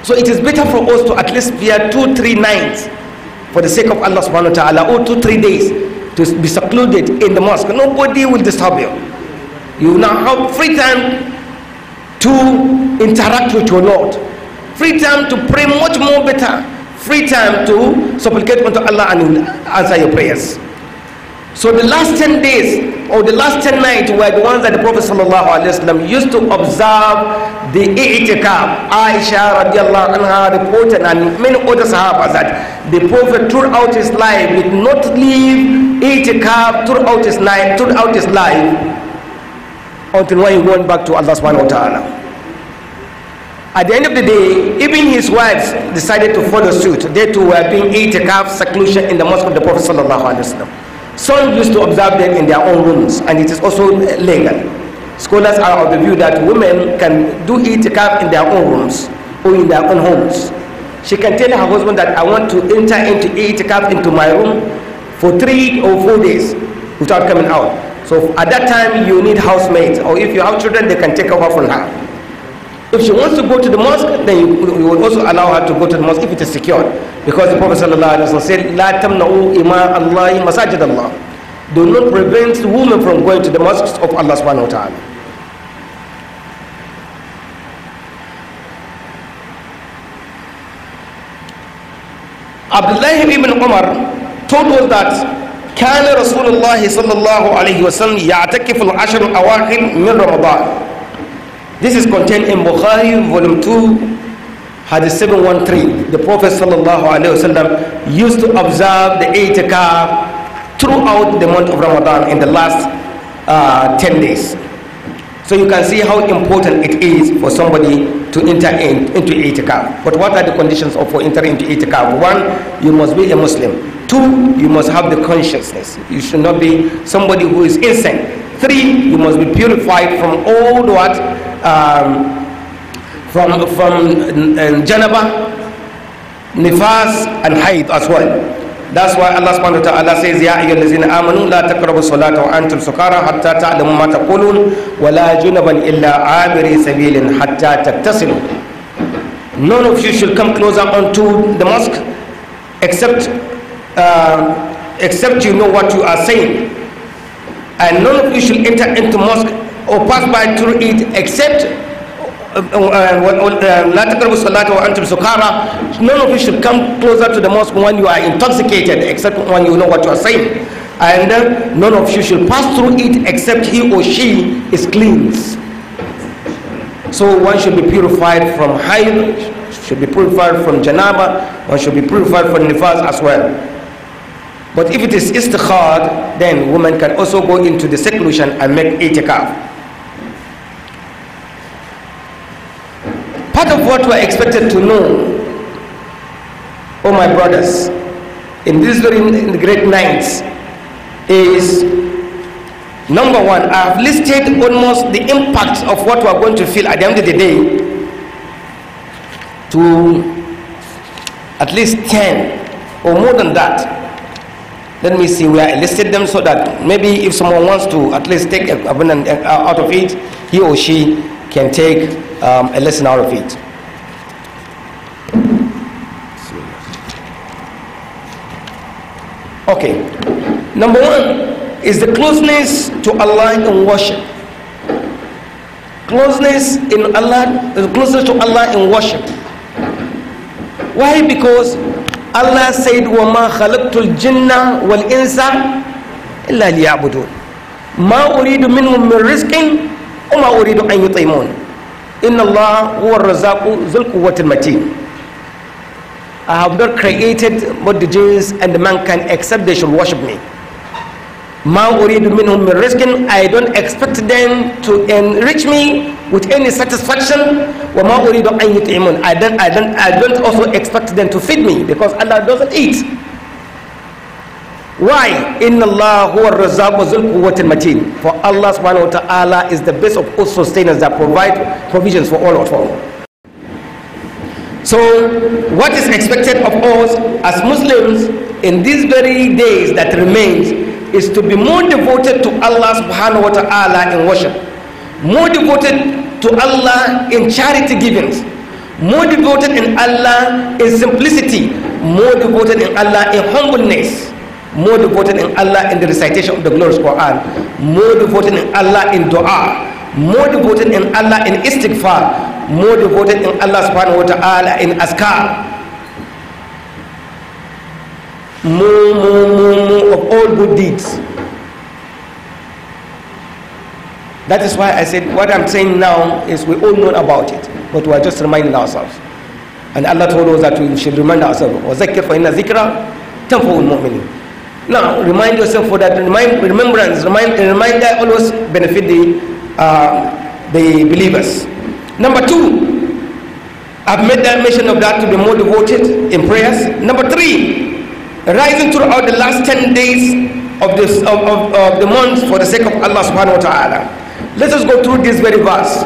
so it is better for us to at least at two, three nights for the sake of Allah subhanahu wa ta'ala or two, three days to be secluded in the mosque. Nobody will disturb you. You now have free time to interact with your Lord. Free time to pray much more better. Free time to supplicate unto Allah and answer your prayers. So the last 10 days or the last 10 nights were the ones that the Prophet used to observe the i'tikaf. Aisha radiallahu anha reported and many other sahabas that the Prophet throughout his life did not leave i'tikaf throughout his life, throughout his life until when he went back to Allah subhanahu wa ta'ala. At the end of the day, even his wives decided to follow suit. They too were being itikaf, seclusion in the mosque of the Prophet sallallahu alaihi wasallam. Some used to observe them in their own rooms, and it is also legal. Scholars are of the view that women can do itikaf in their own rooms or in their own homes. She can tell her husband that I want to enter into itikaf into my room for three or four days without coming out so at that time, you need housemates, or if you have children, they can take over from her. If she wants to go to the mosque, then you, you will also allow her to go to the mosque if it is secured. Because the Prophet wasallam said, La tamna'u ima Allahi masajid Allah. Do not prevent women from going to the mosques of Allah subhanahu wa ta'ala. Abdullah ibn Umar told us that كان رسول الله صلى الله عليه وسلم يعتكف العشر الأواخر من رمضان This is contained in Bukhari volume 2 hadith 713 The Prophet sallallahu used to observe the itikaf throughout the month of Ramadan in the last uh, 10 days so you can see how important it is for somebody to enter in, into itikaf. But what are the conditions of, for entering into itikaf? One, you must be a Muslim. Two, you must have the consciousness. You should not be somebody who is insane. Three, you must be purified from all what um, from from uh, janaba, nifas, and haid as well. that's why Allah subhanahu wa ta'ala says ya ayyuhal ladzina amanu la taqrabu salata wa antum sukara hatta ta'lamu ma taqulun wa la junuban illa abiri sabilin hatta tattasilu none of you should come closer unto the mosque except uh, except you know what you are saying and none of you should enter into mosque or pass by through it except Uh, uh, uh, none of you should come closer to the mosque when you are intoxicated except when you know what you are saying and uh, none of you should pass through it except he or she is cleansed so one should be purified from hayd should be purified from janaba one should be purified from nifas as well but if it is istikhad then women can also go into the seclusion and make itikaf Part of what we're expected to know, oh my brothers, in this very in the great nights is number one, I have listed almost the impact of what we're going to feel at the end of the day to at least 10 or more than that. Let me see, we have listed them so that maybe if someone wants to at least take a, out of it, he or she can take um, a lesson out of it. Okay. Number one is the closeness to Allah in worship. Closeness in Allah, the closeness to Allah in worship. Why? Because Allah said, وَمَا خَلَقْتُ wal insa illa لِيَعْبُدُونَ مَا أُرِيدُ مِنْهُمْ مِنْ رِزْقٍ وَمَا أُرِيدُ أَنْ يُطْعِمُونَ inna Allah huwa razaqu zul quwwatil matin I have not created both the jinns and the mankind except they should worship me ma uridu minhum min rizqin I don't expect them to enrich me with any satisfaction wa ma uridu an yut'imun I I don't I don't also expect them to feed me because Allah doesn't eat Why? Inna Allah huwa mazul zul matin. For Allah subhanahu wa ta'ala is the best of all sustainers that provide provisions for all of all. So what is expected of us as Muslims in these very days that remains is to be more devoted to Allah subhanahu wa ta'ala in worship, more devoted to Allah in charity givings, more devoted in Allah in simplicity, more devoted in Allah in humbleness. more devoted in Allah in the recitation of the glorious Quran, more devoted in Allah in dua, more devoted in Allah in istighfar, more devoted in Allah subhanahu wa ta'ala in askar. More, more, more, more of all good deeds. That is why I said what I'm saying now is we all know about it, but we are just reminding ourselves. And Allah told us that we should remind ourselves. وَذَكِّرْ فَإِنَّ ذِكْرَ تَنْفَوُ الْمُؤْمِنِينَ now, remind yourself for that remind, remembrance, remind, reminder always benefit the, uh, the believers. Number two, I've made that mention of that to be more devoted in prayers. Number three, rising throughout the last 10 days of, this, of, of, of the month for the sake of Allah subhanahu wa ta'ala. Let us go through this very verse.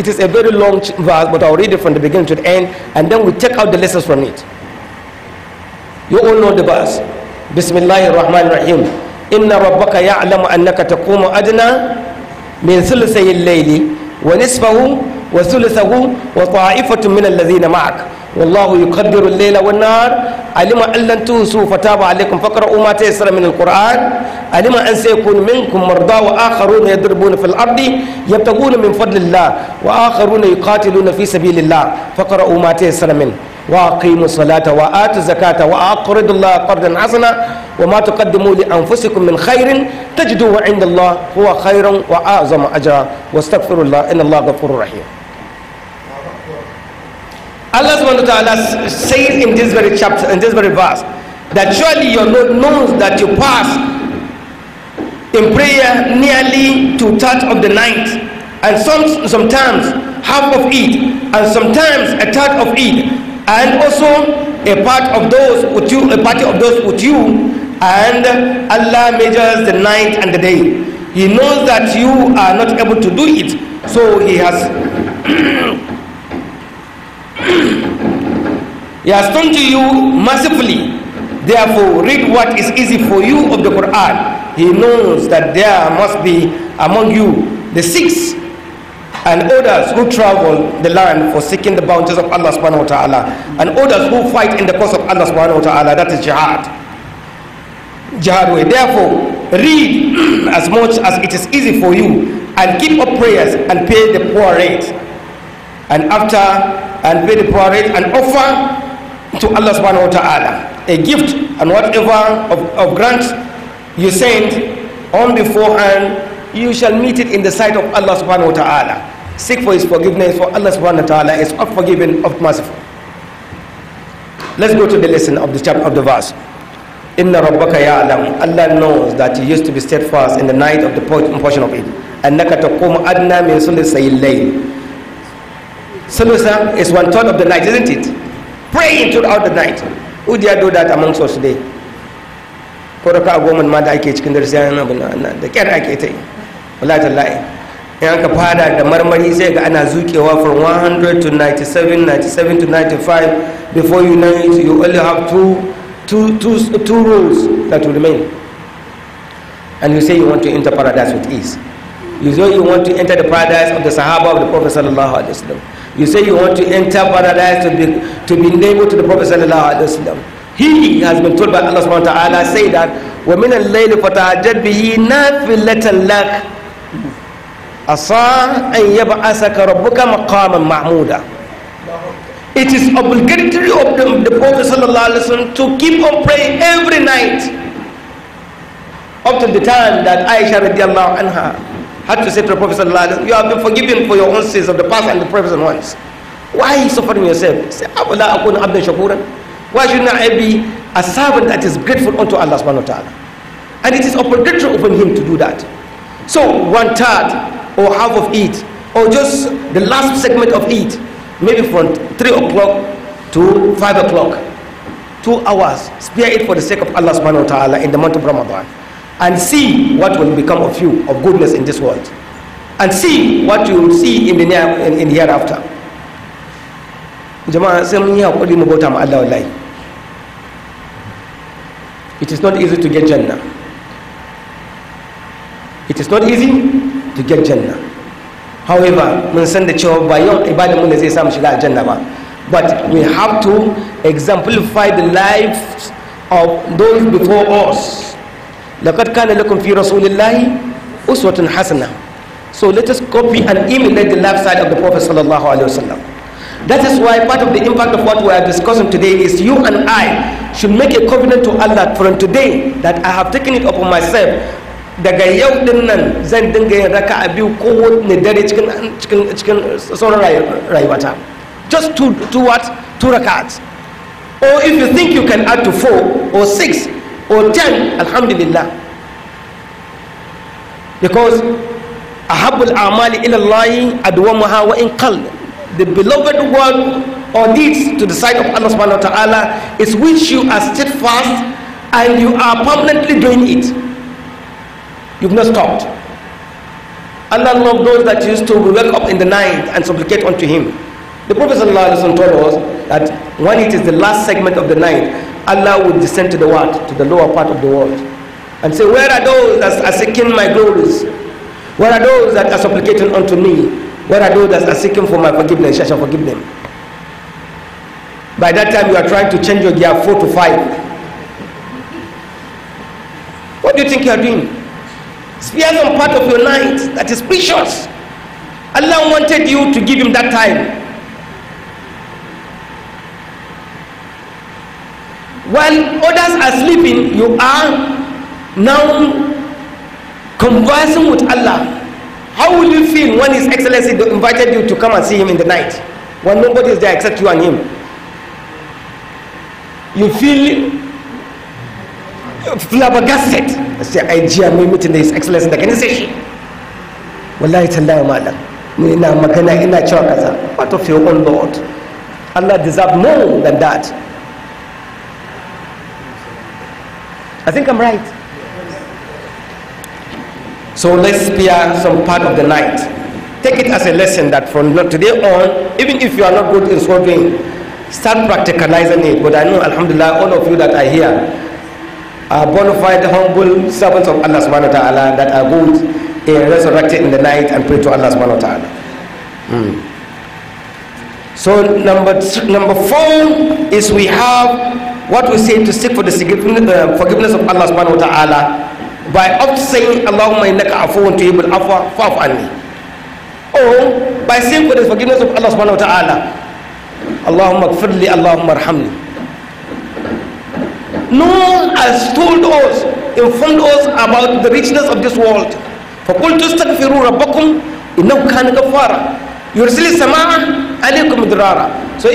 It is a very long verse, but I'll read it from the beginning to the end, and then we take out the lessons from it. You all know the verse. بسم الله الرحمن الرحيم إن ربك يعلم أنك تقوم أدنى من ثلثي الليل ونصفه وثلثه وطائفة من الذين معك والله يقدر الليل والنهار علم أن لن تنسوا فتاب عليكم فاقرأوا ما تيسر من القرآن علم أن سيكون منكم مرضى وآخرون يضربون في الأرض يبتغون من فضل الله وآخرون يقاتلون في سبيل الله فاقرأوا ما تيسر منه واقيموا واتوا واقرضوا الله قرضا حسنا وما تقدموا لانفسكم من خير تجدوه عند الله هو واعظم اجرا واستغفروا الله ان الله غفور رحيم Allah subhanahu wa ta'ala says in this very chapter, in this very verse, that surely your Lord knows that you pass in prayer nearly two thirds of the night, and some, sometimes half of it, and sometimes a third of it, and also a part of those with you, a party of those with you, and Allah measures the night and the day. He knows that you are not able to do it, so He has [coughs] He has done to you mercifully. Therefore, read what is easy for you of the Quran. He knows that there must be among you the six and others who travel the land for seeking the bounties of Allah subhanahu wa ta'ala and others who fight in the cause of Allah subhanahu wa ta'ala that is jihad jihad way therefore read [clears throat] as much as it is easy for you and keep up prayers and pay the poor rate and after and pay the poor rate and offer to Allah subhanahu wa ta'ala a gift and whatever of, of grants you send on beforehand you shall meet it in the sight of Allah subhanahu wa ta'ala. Seek for his forgiveness, for Allah subhanahu wa ta'ala is oft forgiving, of merciful. Let's go to the lesson of the chapter of the verse. Inna rabbaka ya'lam. Allah knows that you used to be steadfast in the night of the portion of it. Annaka taqumu adna min sulisayil layl. Sulusa is one third of the night, isn't it? Praying throughout the night. Who dare do that amongst us today? Ko raka goma ma da ake cikin darsi na abin da kyar ake ta yi in aka fada da marmari sai ga ana zukewa from 100 to 97 97 to 95 before you know it you only have two two two two rules that will remain and you say you want to enter paradise with ease you say you want to enter the paradise of the sahaba of the prophet sallallahu alaihi wasallam you say you want to enter paradise to be to be neighbor to the prophet sallallahu alaihi wasallam he has been told by allah subhanahu wa ta'ala say that وَمِنَ اللَّيْلِ فَتَعَجَّدْ بِهِ نَافِلَةً لَكَ Asa It is obligatory of the, the Prophet ﷺ to keep on praying every night up to the time that Aisha radiallahu anha had to say to the Prophet ﷺ, you have been forgiven for your own sins of the past and the present ones. Why are you suffering yourself? Say, akun Why should not I be a servant that is grateful unto Allah subhanahu wa ta'ala? And it is obligatory upon him to do that. So one third or half of it or just the last segment of it maybe from 3 o'clock to 5 o'clock two hours spare it for the sake of allah subhanahu wa ta'ala in the month of ramadan and see what will become of you of goodness in this world and see what you will see in the near in, in hereafter it is not easy to get jannah it is not easy to get Jannah. However, mun san da cewa ba yawan ibadan mu ne zai samu shiga aljanna ba. But we have to exemplify the lives of those before us. لقد كان لكم في رسول الله أسوة حسنة. So let us copy and emulate the life style of the Prophet sallallahu alaihi wasallam. That is why part of the impact of what we are discussing today is you and I should make a covenant to Allah from today that I have taken it upon myself daga yau din nan zan dinga yin raka a biyu kowanne dare cikin sauran rayuwata just two, two what two raka'at or if you think you can add to four or six or ten alhamdulillah because ahabul amali ilallahi adwamuha wa in qal the beloved one or deeds to the side of Allah subhanahu wa ta'ala is which you are steadfast and you are permanently doing it You've not stopped. Allah loved those that used to wake up in the night and supplicate unto Him. The Prophet told us that when it is the last segment of the night, Allah will descend to the world, to the lower part of the world, and say, Where are those that are seeking my glories? Where are those that are supplicating unto me? Where are those that are seeking for my forgiveness? I shall forgive them. By that time, you are trying to change your gear four to five. What do you think you are doing? spare some part of your night that is precious Allah wanted you to give him that time while others are sleeping you are now conversing with Allah how will you feel when his excellency invited you to come and see him in the night when nobody is there except you and him you feel flabbergasted I ai jiya mai mutum meeting his excellence daga nisa shi wallahi tallahi malam ni ina magana ina cewa kaza Part of your own lord allah deserves more than that i think i'm right so let's spare some part of the night take it as a lesson that from today on even if you are not good in solving start practicalizing it but i know alhamdulillah all of you that are here are bona fide, humble servants of Allah subhanahu wa ta'ala that are good in resurrected in the night and pray to Allah subhanahu wa ta'ala. Mm. So number number four is we have what we say to seek for the uh, forgiveness of Allah subhanahu wa ta'ala by oft saying Allahumma innaka Afuun tuhibul afwa fa'fu anni or by saying for the forgiveness of Allah subhanahu wa ta'ala Allahumma gfirli Allahumma arhamni no one has told us, informed us about the richness of this world. So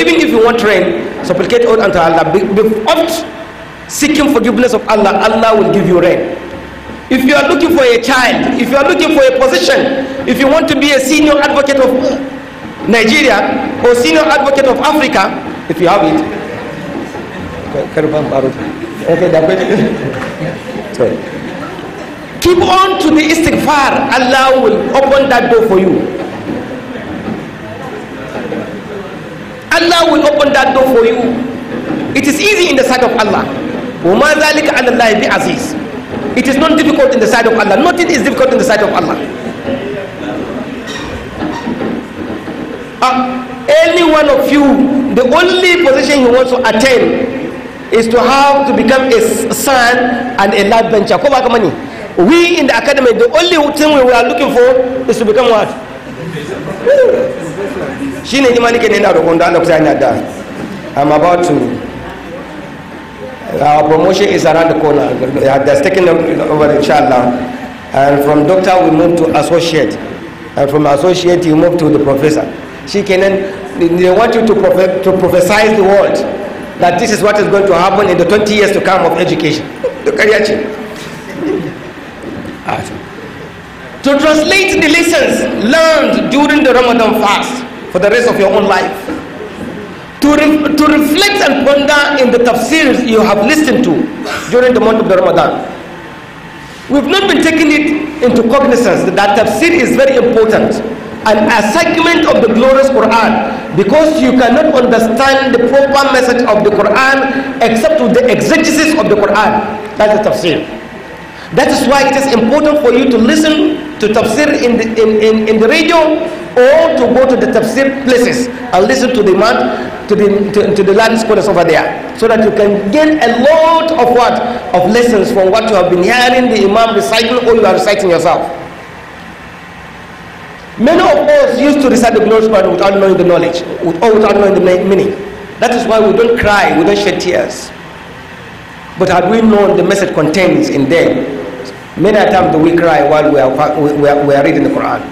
even if you want rain, supplicate out unto Allah. Be, be oft seeking forgiveness of Allah, Allah will give you rain. If you are looking for a child, if you are looking for a position, if you want to be a senior advocate of Nigeria or senior advocate of Africa, if you have it, karfan ɓaro okay da to keep on to the istighfar allah will open that door for you allah will open that door for you it is easy in the sight of allah وما ذلك على الله بعزيز it is not difficult in the sight of allah nothing is difficult in the sight of allah uh, any one of you the only position he wants to attain is to have to become a son and a life venture ko ba ne we in the academy the only thing we are looking for is to become what shi ne nima nike ne na roƙon da Allah kusa yana da I'm about to our promotion is around the corner they are just taking over inshallah and from doctor we move to associate and from associate you move to the professor shi kenan they want you to, prof to prophesize the world that this is what is going to happen in the 20 years to come of education. Ah, to translate the lessons learned during the Ramadan fast for the rest of your own life. To, re to reflect and ponder in the tafsirs you have listened to during the month of the Ramadan. We've not been taking it into cognizance that tafsir is very important an assignment of the glorious Quran because you cannot understand the proper message of the Quran except with the exegesis of the Quran. That's the tafsir. That is why it is important for you to listen to tafsir in the, in, in, in the radio or to go to the tafsir places and listen to the man, to the, to, to the land scholars over there so that you can gain a lot of what? Of lessons from what you have been hearing the imam reciting or you are reciting yourself. Many of us used to recite the glorious Quran without knowing the knowledge or without knowing the meaning. That is why we don't cry, we don't shed tears. But had we known the message contains in them, many a time do we cry while we are, we are, we are reading the Quran.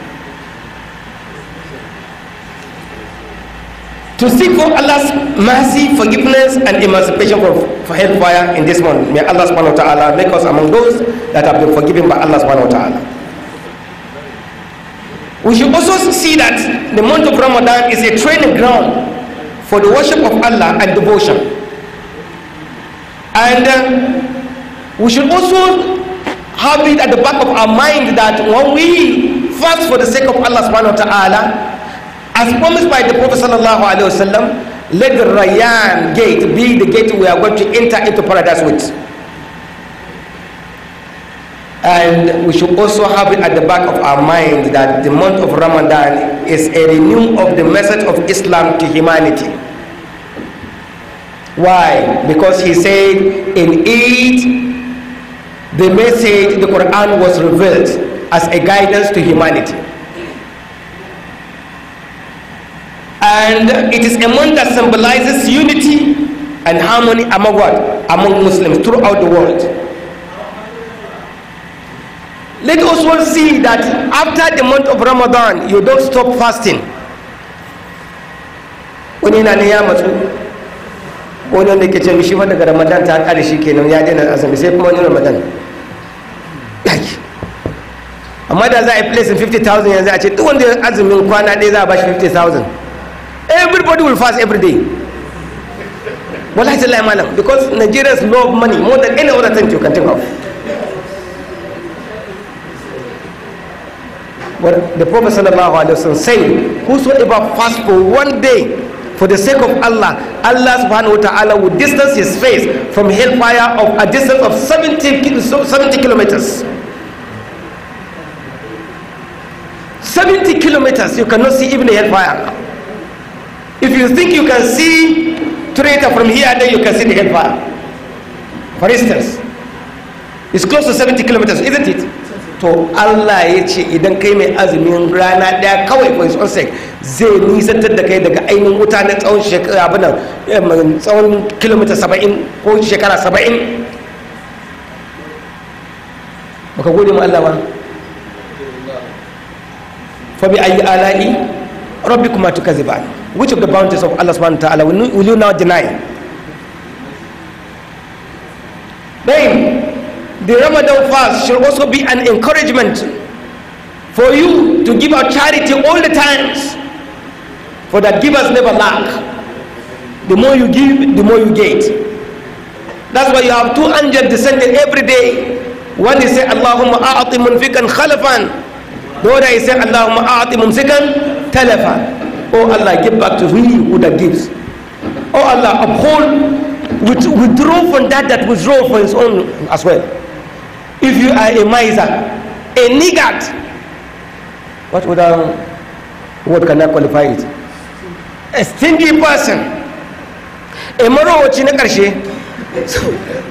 To seek for Allah's mercy, forgiveness, and emancipation from, from hellfire in this month. May Allah subhanahu wa ta'ala make us among those that have been forgiven by Allah subhanahu wa ta'ala. We should also see that the month of Ramadan is a training ground for the worship of Allah and devotion. And uh, we should also have it at the back of our mind that when we fast for the sake of Allah subhanahu wa ta'ala, as promised by the Prophet sallallahu Alaihi Wasallam, let the Rayyan gate be the gate we are going to enter into paradise with. And we should also have it at the back of our mind that the month of Ramadan is a renewal of the message of Islam to humanity. Why? Because he said in it the message, the Quran was revealed as a guidance to humanity. And it is a month that symbolizes unity and harmony among what? Among Muslims throughout the world. Let us all see that after the month of Ramadan, you don't stop fasting. Wani yana ne ya matsu, wani wanda ke ce shi fa daga Ramadan ta kare shi kenan ya daina azumi sai kuma wani Ramadan. Yaki. Amma da za a yi place 50,000 yanzu a ce duk wanda azumin kwana ɗaya za a bashi 50,000. Everybody will fast every day. Wallahi tallahi malam because Nigerians love money more than any other thing you can think of. But the Prophet said, Whosoever fasts for one day for the sake of Allah, Allah subhanahu wa ta'ala will distance his face from hellfire of a distance of 70, 70 kilometers. 70 kilometers, you cannot see even a hellfire. If you think you can see traitor from here, then you can see the hellfire. For instance, it's close to 70 kilometers, isn't it? to allah ya ce idan kai mai azumin rana daya kawai for his zai nisantar da kai daga ainihin wuta na tsawon shekara abinan eh, tsawon kilomita saba'in ko shekara saba'in baka gode mu allah ba fa ayi ala'i rabbi kuma tuka ziba which of the bounties of allah subhanahu wa ta'ala will you now deny babe The Ramadan fast should also be an encouragement for you to give out charity all the times. For that givers never lack. The more you give, the more you get. That's why you have two angels descending every day. One is say, Allahumma a'ati munfikan khalafan. The other is say, Allahumma a'ati mumsikan telefan." Oh Allah, give back to me who that gives. Oh Allah, uphold, withdraw from that that withdraw from his own as well if you are a miser a niggard what other um, word can I qualify it a stingy person a marowaci na ƙarshe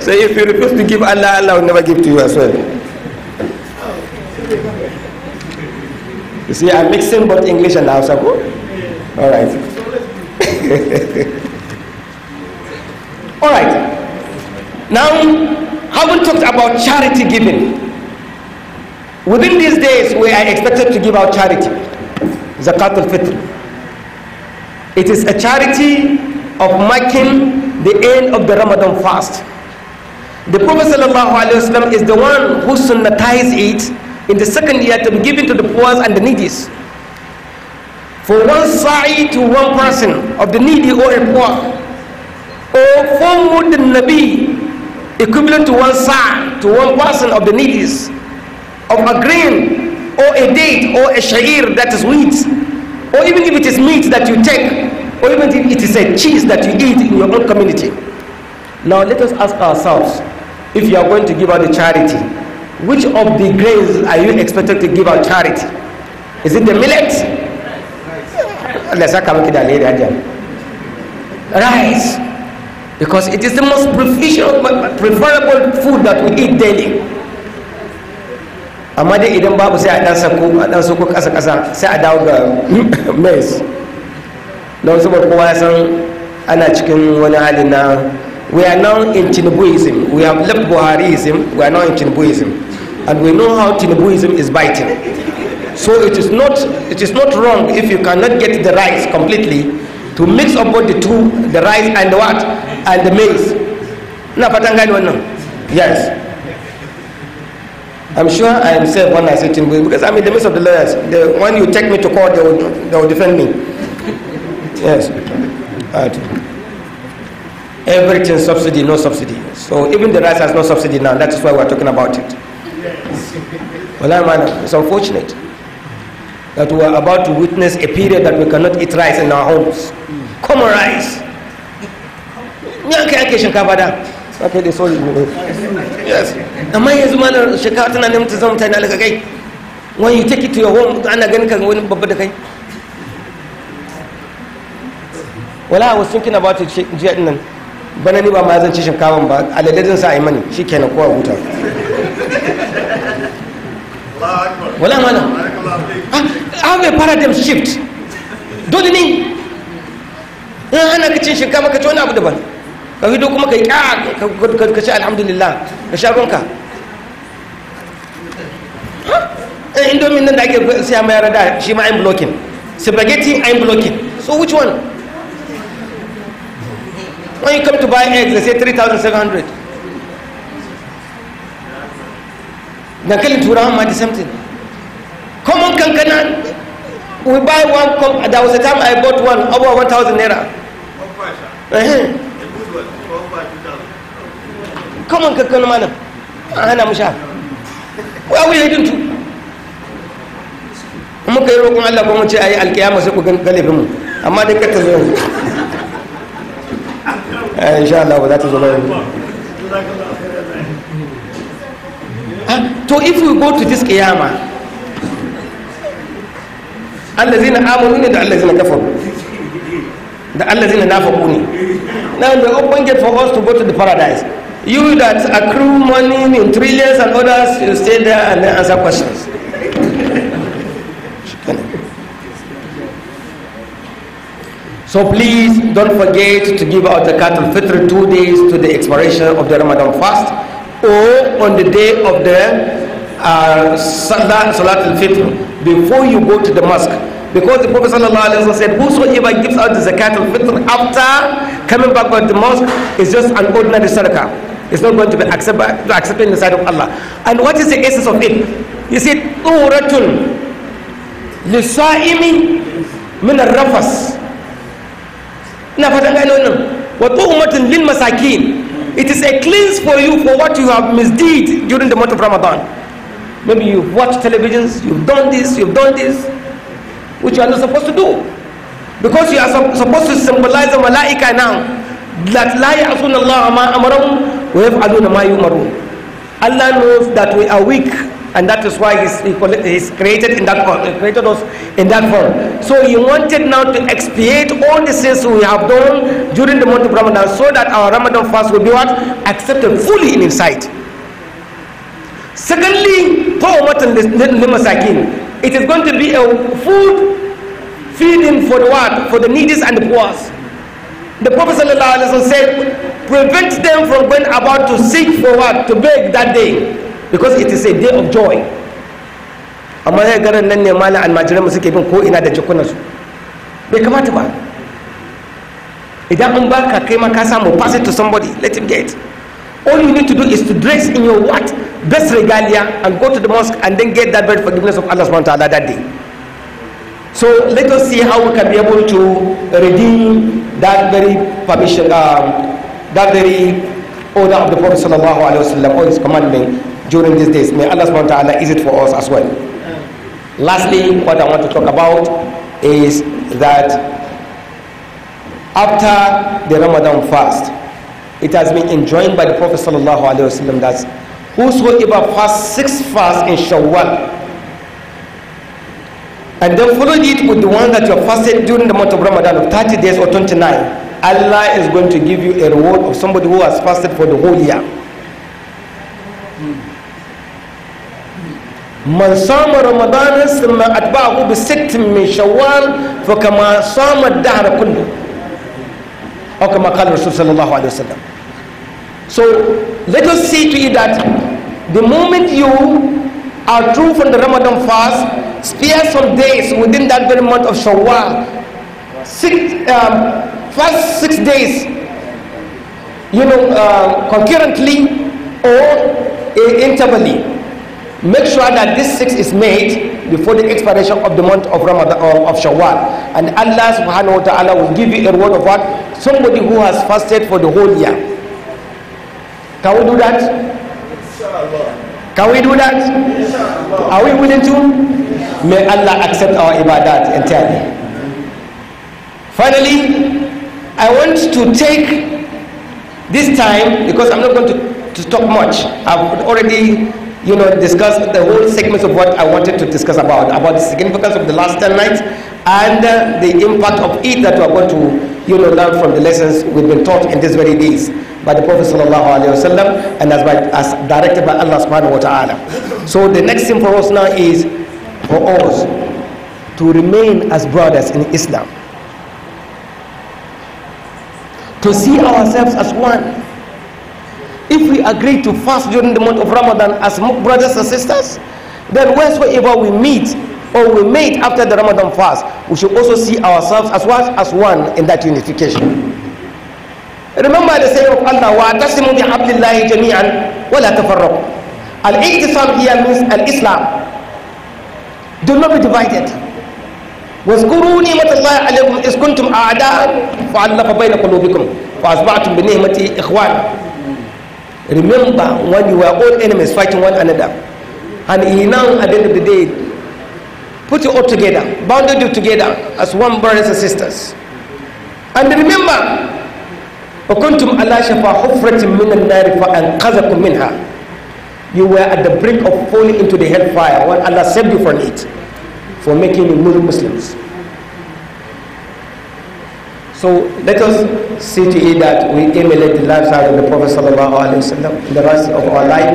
so if you refuse to give Allah Allah will never give to you as well you see I'm mixing both English and Hausa go all right [laughs] all right now haven't talked about charity giving. Within these days, we are expected to give out charity, Zakat al-Fitr. It is a charity of marking the end of the Ramadan fast. The Prophet Wasallam is the one who sunnatized it in the second year to be given to the poor and the needy. For one sa'i to one person of the needy or a poor, or for the nabi equivalent to one sa' to one person of the needies of a grain or a date or a sha'ir that is wheat or even if it is meat that you take or even if it is a cheese that you eat in your own community now let us ask ourselves if you are going to give out a charity which of the grains are you expected to give out charity is it the millet rice because it is the most preferable food that we eat daily amma dai idan babu sai a dan sako a dan sako kasa kasa sai a dawo ga [coughs] maize don saboda kowa ya san ana cikin wani hali na we are now in Tinubuism we have left Buhariism we are now in Tinubuism and we know how Tinubuism is biting so it is not it is not wrong if you cannot get the rice completely to mix up both the two the rice and the what and the maize No, Patangani one. yes i'm sure i am safe when i say tinubu because i'm in the midst of the lawyers the when you take me to court they will, they will defend me yes Alright. everything subsidy no subsidy so even the rice has no subsidy now that is why we are talking about it well i'm it's unfortunate that we are about to witness a period that we cannot eat rice in our homes. Mm. Common rice. shinkafa da. Okay, they saw you. Yes. Amma yanzu mana shinkafa tana neman ta zama mutane daga kai. When you take it to your home, ana ganin ka wani babba da kai. Wala I was thinking about it jiya din nan. Bana ni ba ma zan ci shinkafa ba, aladadin sa a yi mani, shi kenan kowa huta. Wala mana. have a paradigm shift dole ne in ana ka cin shinkafa ka ci wani abu daban ka fito kuma ka kya ka ce alhamdulillah ka sha ruwanka eh, indomin nan da ake siya mai rada shi ma i'm blocking spaghetti i'm blocking so which one when you come to buy eggs they say 3700 kalin turawan ma di same common kankana we buy one com there was a time i bought one over 1000 naira common kankana mana an ah, hana mu sha where are we heading to muka yi roƙon allah kuma ce a yi alkiyama sai ku galibin mu amma dai ka ta zo yanzu eh, insha allah ba za ta zo ba yanzu ah, to if we go to this kiyama allazina amanu ne da allazina kafaru da allazina nafaqu ne now the open gate for us to go to the paradise you that accrue money in trillions and others you stay there and answer questions So please don't forget to give out the cattle fitr two days to the expiration of the Ramadan fast or on the day of the uh, Salah, Salat al-Fitr before you go to the mosque. Because the Prophet ﷺ said, whosoever gives out the zakat al-fitr after coming back from the mosque is just an ordinary sadaqah. It's not going to be accepted, accepted in the sight of Allah. And what is the essence of it? He said, Uratun lisaimi min al-rafas. It is a cleanse for you for what you have misdeed during the month of Ramadan. Maybe you've watched televisions, you've done this, you've done this, which you are not supposed to do. Because you are su supposed to symbolize the malaika now. That la ya'asuna Allah ma Allah knows that we are weak and that is why he's, he's created in that created us in that form. So he wanted now to expiate all the sins we have done during the month of Ramadan so that our Ramadan fast will be what? Accepted fully in his sight. Secondly, Tawmatan Limasakin. It is going to be a food feeding for the what? For the needy and the poor. The Prophet wasallam said, prevent them from going about to seek for what? To beg that day. Because it is a day of joy. Amma zai garin nan ne malam almajirai mu suke bin ko ina da jikunansu. Bai kamata ba. Idan an baka kai ma ka samu pass it to somebody, let him get. All you need to do is to dress in your what? best regalia and go to the mosque and then get that very forgiveness of Allah subhanahu wa ta'ala that day. So let us see how we can be able to redeem that very permission, um, that very order of the Prophet sallallahu alaihi wasallam or his commandment during these days. May Allah subhanahu wa ta'ala ease it for us as well. Lastly, what I want to talk about is that after the Ramadan fast, it has been enjoined by the Prophet sallallahu alaihi wasallam that whosoever fast six fasts in Shawwal and then follow it with the one that you have fasted during the month of Ramadan of 30 days or 29, Allah is going to give you a reward of somebody who has fasted for the whole year. من صام رمضان ثم أتبعه بست من شوال فكما صام الدهر كله أو كما قال الرسول صلى الله عليه وسلم So let us see to you that the moment you are true from the Ramadan fast, spare some days within that very month of Shawwal. Six, um, first six days, you know, uh, concurrently or uh, intervally. Make sure that this six is made before the expiration of the month of Ramadan or um, of Shawwal, and Allah Subhanahu wa Taala will give you a reward of what somebody who has fasted for the whole year. Can we do that? Can we do that? Are we willing to? May Allah accept our ibadat entirely. Finally, I want to take this time, because I'm not going to, to talk much, I've already you know, discussed the whole segments of what I wanted to discuss about, about the significance of the last 10 nights and uh, the impact of it that we are going to, you know, learn from the lessons we've been taught in these very days by the Prophet وسلم, and as, by, as directed by Allah subhanahu wa ta'ala. So the next thing for us now is for us to remain as brothers in Islam. To see ourselves as one. If we agree to fast during the month of Ramadan as brothers and sisters, then wheresoever we meet or we meet after the Ramadan fast, we should also see ourselves as one, As one in that unification. Remember the saying of Allah, وَاعْتَصِمُوا بِحَبْلِ اللَّهِ جَمِيعًا وَلَا تَفَرَّقُوا Al-Iqtisam here means Al-Islam. Do not be divided. واذكروا نعمة الله عليكم إذ كنتم أعداء فألف بين قلوبكم فأصبحتم بنعمتي إخوان Remember when you were all enemies fighting one another and he now at the end of the day put you all together, bounded you together as one brothers and sisters. And remember وَكُنْتُمْ أَلَى شَفَى حُفْرَةٍ مِّنَ النَّارِ فَأَنْقَذَكُمْ مِنْهَا You were at the brink of falling into the hellfire when Allah saved you from it for making you non-Muslims. So let us see to it that we emulate the lifestyle of the Prophet وسلم, in the rest of our life,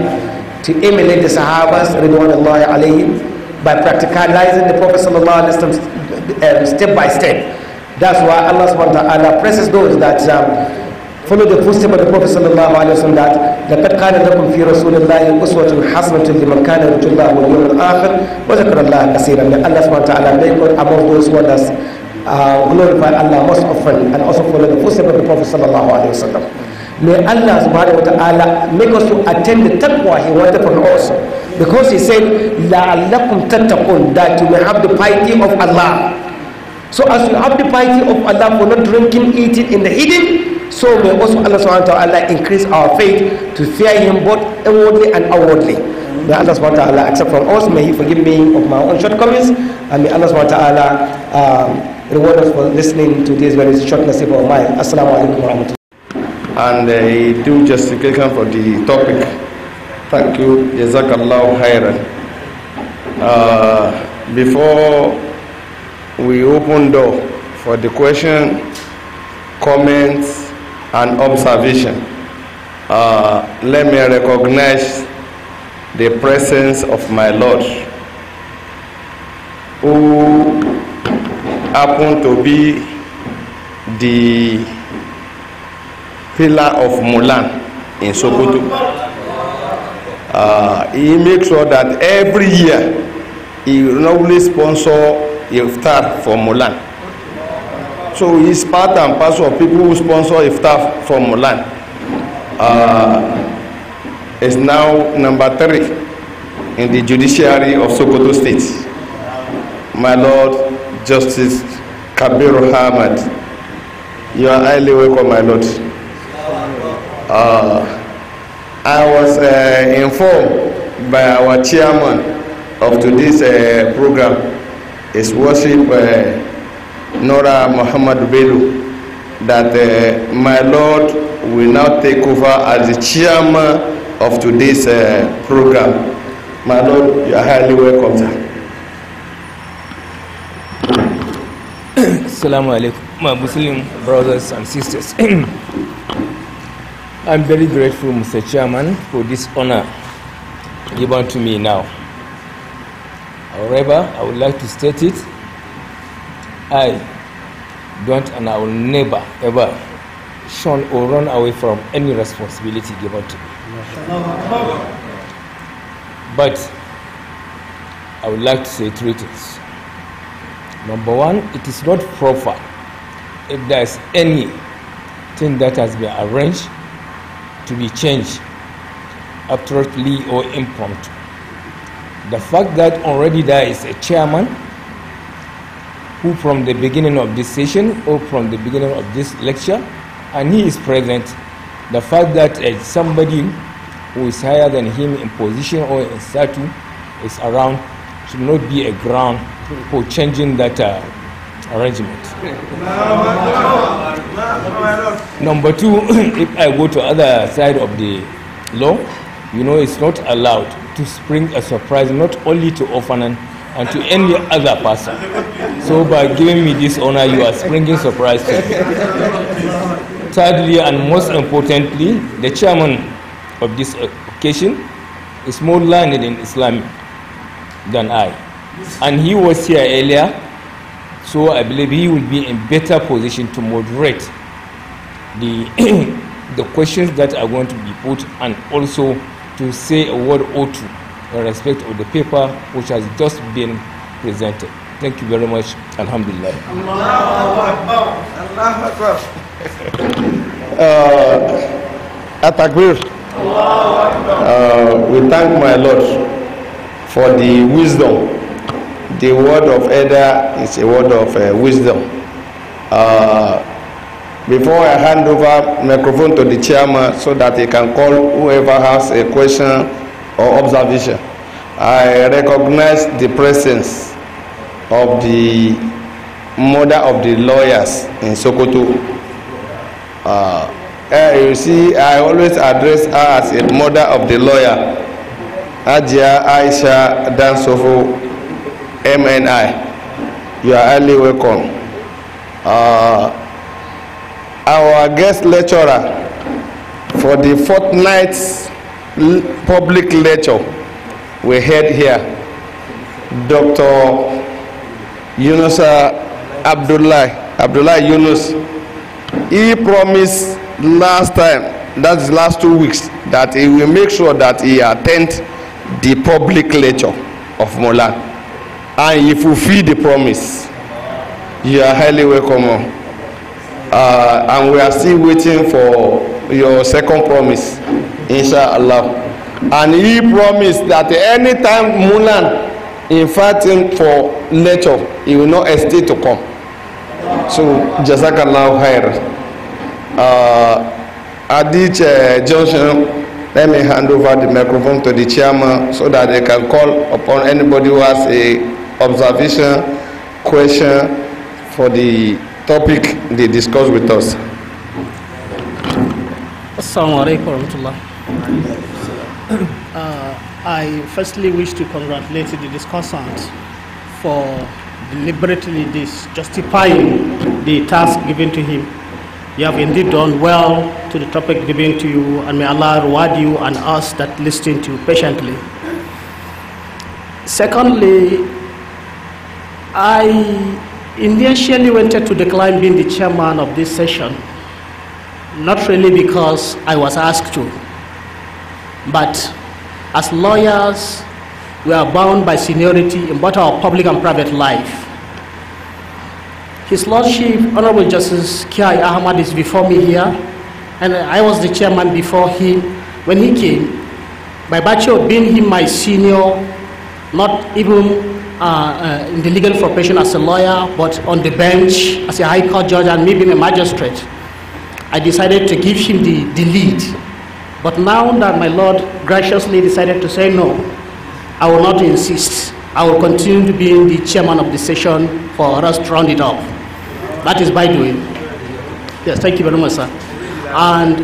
to emulate the Sahabas alayhi, by practicalizing the Prophet وسلم, um, step by step. That's why Allah subhanahu wa ta'ala presses those that um, follow the footsteps of the Prophet sallallahu alaihi wasallam that لقد كان لكم في رسول الله أسوة حسنة لمن كان يرجو الله واليوم الآخر وذكر الله كثيرا may Allah subhanahu ta'ala make us among those who does uh, glorify Allah most often and also follow the footsteps of the Prophet sallallahu alaihi wasallam may Allah subhanahu make us to attend the taqwa he wanted from us because he said لعلكم تتقون that you may have the piety of Allah so as you have the piety of Allah for not drinking eating in the hidden So may also Allah subhanahu wa ta'ala increase our faith to fear him both inwardly and outwardly. May Allah subhanahu wa ta'ala accept from us, may he forgive me of my own shortcomings, and may Allah subhanahu wa ta'ala um, reward us for listening to this very short message of mine. Assalamu alaikum wa And uh, he do justification for the topic. Thank you, Jazakallah khairan. Uh, before we open door for the question, comments, and observation. Uh, let me recognize the presence of my Lord who happened to be the pillar of Mulan in Sokoto. Uh, he makes sure that every year he normally sponsor iftar for Mulan So it's part and parcel of people who sponsor iftar from Mulan. Uh, is now number three in the judiciary of Sokoto State. My Lord Justice Kabir Ahmad, you are highly welcome, my Lord. Uh, I was uh, informed by our chairman of today's uh, program, His Worship. Uh, Nora Muhammad Belu that uh, my Lord will now take over as the chairman of today's uh, program. My Lord, you are highly welcome, sir. Assalamu alaikum, my Muslim brothers and sisters. [clears throat] I'm very grateful, Mr. Chairman, for this honor given to me now. However, I would like to state it I don't and I will never ever shun or run away from any responsibility given to me. But I would like to say three things. Number one, it is not proper if there is anything that has been arranged to be changed abruptly or impromptu. The fact that already there is a chairman who from the beginning of this session or from the beginning of this lecture, and he is present, the fact that uh, somebody who is higher than him in position or in status is around should not be a ground for changing that uh, arrangement. Number two, [coughs] if I go to other side of the law, you know it's not allowed to spring a surprise not only to orphanage and to any other person. So by giving me this honor, you are springing surprise to me. Thirdly, and most importantly, the chairman of this occasion is more learned in Islam than I. And he was here earlier, so I believe he will be in better position to moderate the, [coughs] the questions that are going to be put and also to say a word or two in respect of the paper which has just been presented. Thank you very much. Alhamdulillah. uh, Atakwir, uh, we thank my Lord for the wisdom. The word of Eda is a word of uh, wisdom. Uh, before I hand over microphone to the chairman so that he can call whoever has a question or observation. I recognize the presence of the mother of the lawyers in Sokoto. Uh, eh, you see, I always address her as a mother of the lawyer, Ajia Aisha Dansofo, MNI. You are highly welcome. Uh, our guest lecturer for the fortnight public lecture we heard here Dr. Yunus Abdullah Abdullah Yunus he promised last time that is last two weeks that he will make sure that he attend the public lecture of Molan and he fulfill the promise you are highly welcome uh, and we are still waiting for your second promise inshallah and he promised that anytime Mulan invite him for lecture he will not hesitate to come so jazakallah khair uh, at this uh, junction let me hand over the microphone to the chairman so that they can call upon anybody who has a observation question for the topic they discuss with us assalamu alaikum warahmatullahi Uh, I firstly wish to congratulate the discussant for deliberately justifying the task given to him. You have indeed done well to the topic given to you, and may Allah reward you and us that listen to you patiently. Secondly, I initially wanted to decline being the chairman of this session, not really because I was asked to but as lawyers, we are bound by seniority in both our public and private life. His Lordship, Honorable Justice Kiai Ahmad is before me here, and I was the chairman before him. When he came, by virtue of being him my senior, not even uh, uh, in the legal profession as a lawyer, but on the bench as a high court judge and maybe a magistrate, I decided to give him the, the lead but now that my Lord graciously decided to say no, I will not insist. I will continue to be the chairman of the session for us to round it off. That is by doing. Yes, thank you very much, sir. And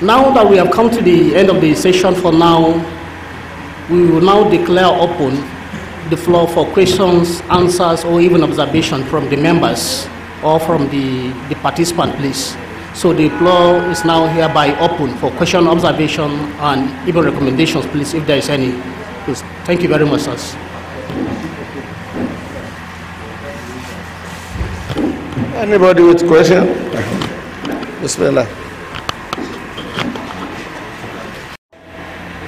now that we have come to the end of the session for now, we will now declare open the floor for questions, answers, or even observation from the members or from the, the participant, please. So the floor is now hereby open for question, observation, and even recommendations, please, if there is any. Please. Thank you very much, sir. Anybody with question? Bismillah.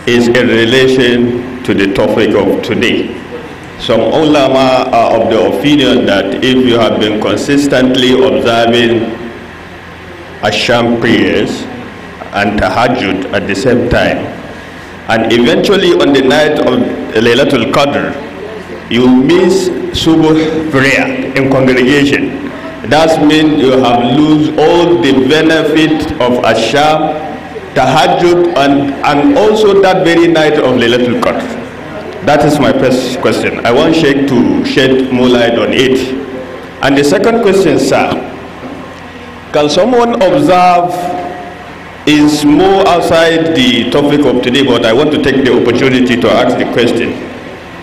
Is in relation to the topic of today. Some ulama are of the opinion that if you have been consistently observing Asham prayers and Tahajjud at the same time. And eventually on the night of Laylatul Qadr, you miss Subuh prayer in congregation. That means you have lose all the benefit of Asham, Tahajjud, and, and also that very night of Laylatul Qadr. That is my first question. I want Sheikh to shed more light on it. And the second question, sir, can someone observe is more outside the topic of today, but I want to take the opportunity to ask the question.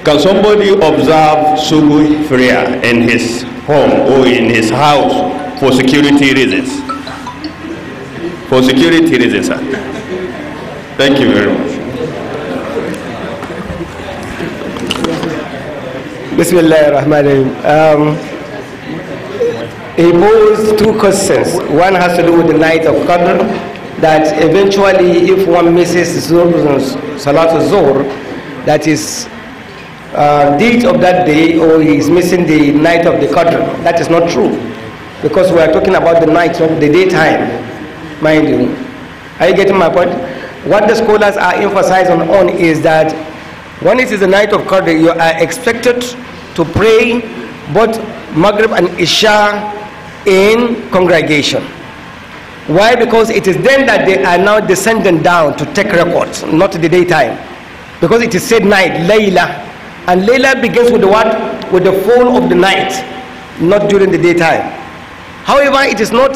Can somebody observe Sugu prayer in his home or in his house for security reasons? For security reasons, sir. Thank you very much. Bismillahir Rahim. Um, he posed two questions. One has to do with the night of Qadr, that eventually if one misses al-Zohr, Zuhr, that is uh, deed of that day, or he is missing the night of the Qadr. That is not true. Because we are talking about the night, not the daytime, mind you. Are you getting my point? What the scholars are emphasizing on is that when it is the night of Qadr, you are expected to pray both Maghrib and Isha in congregation. Why? Because it is then that they are now descending down to take records, not the daytime. Because it is said night, Layla. And Layla begins with the what? With the fall of the night, not during the daytime. However, it is not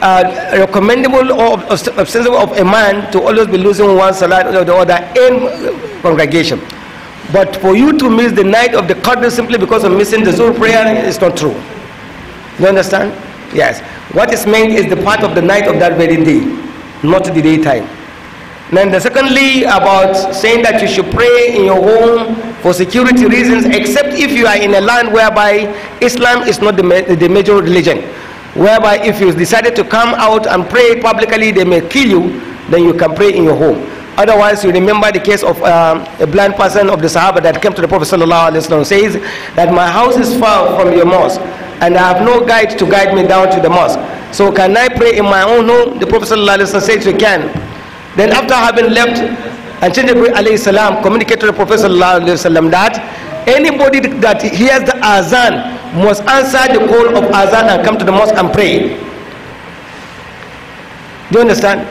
uh, recommendable or sensible of a man to always be losing one salat or the other in congregation. But for you to miss the night of the Qadr simply because of missing the Zuhr prayer is not true. You understand? Yes. What is meant is the part of the night of that very day, not the daytime. Then the secondly, about saying that you should pray in your home for security reasons, except if you are in a land whereby Islam is not the, ma the major religion. Whereby if you decided to come out and pray publicly, they may kill you, then you can pray in your home. Otherwise, you remember the case of um, a blind person of the Sahaba that came to the Prophet Sallallahu Alaihi Wasallam says that my house is far from your mosque and I have no guide to guide me down to the mosque. So can I pray in my own home? The Prophet ﷺ said you can. Then after having left, and changed, alayhi salam communicated to the Prophet ﷺ that anybody that hears the azan must answer the call of azan and come to the mosque and pray. Do you understand?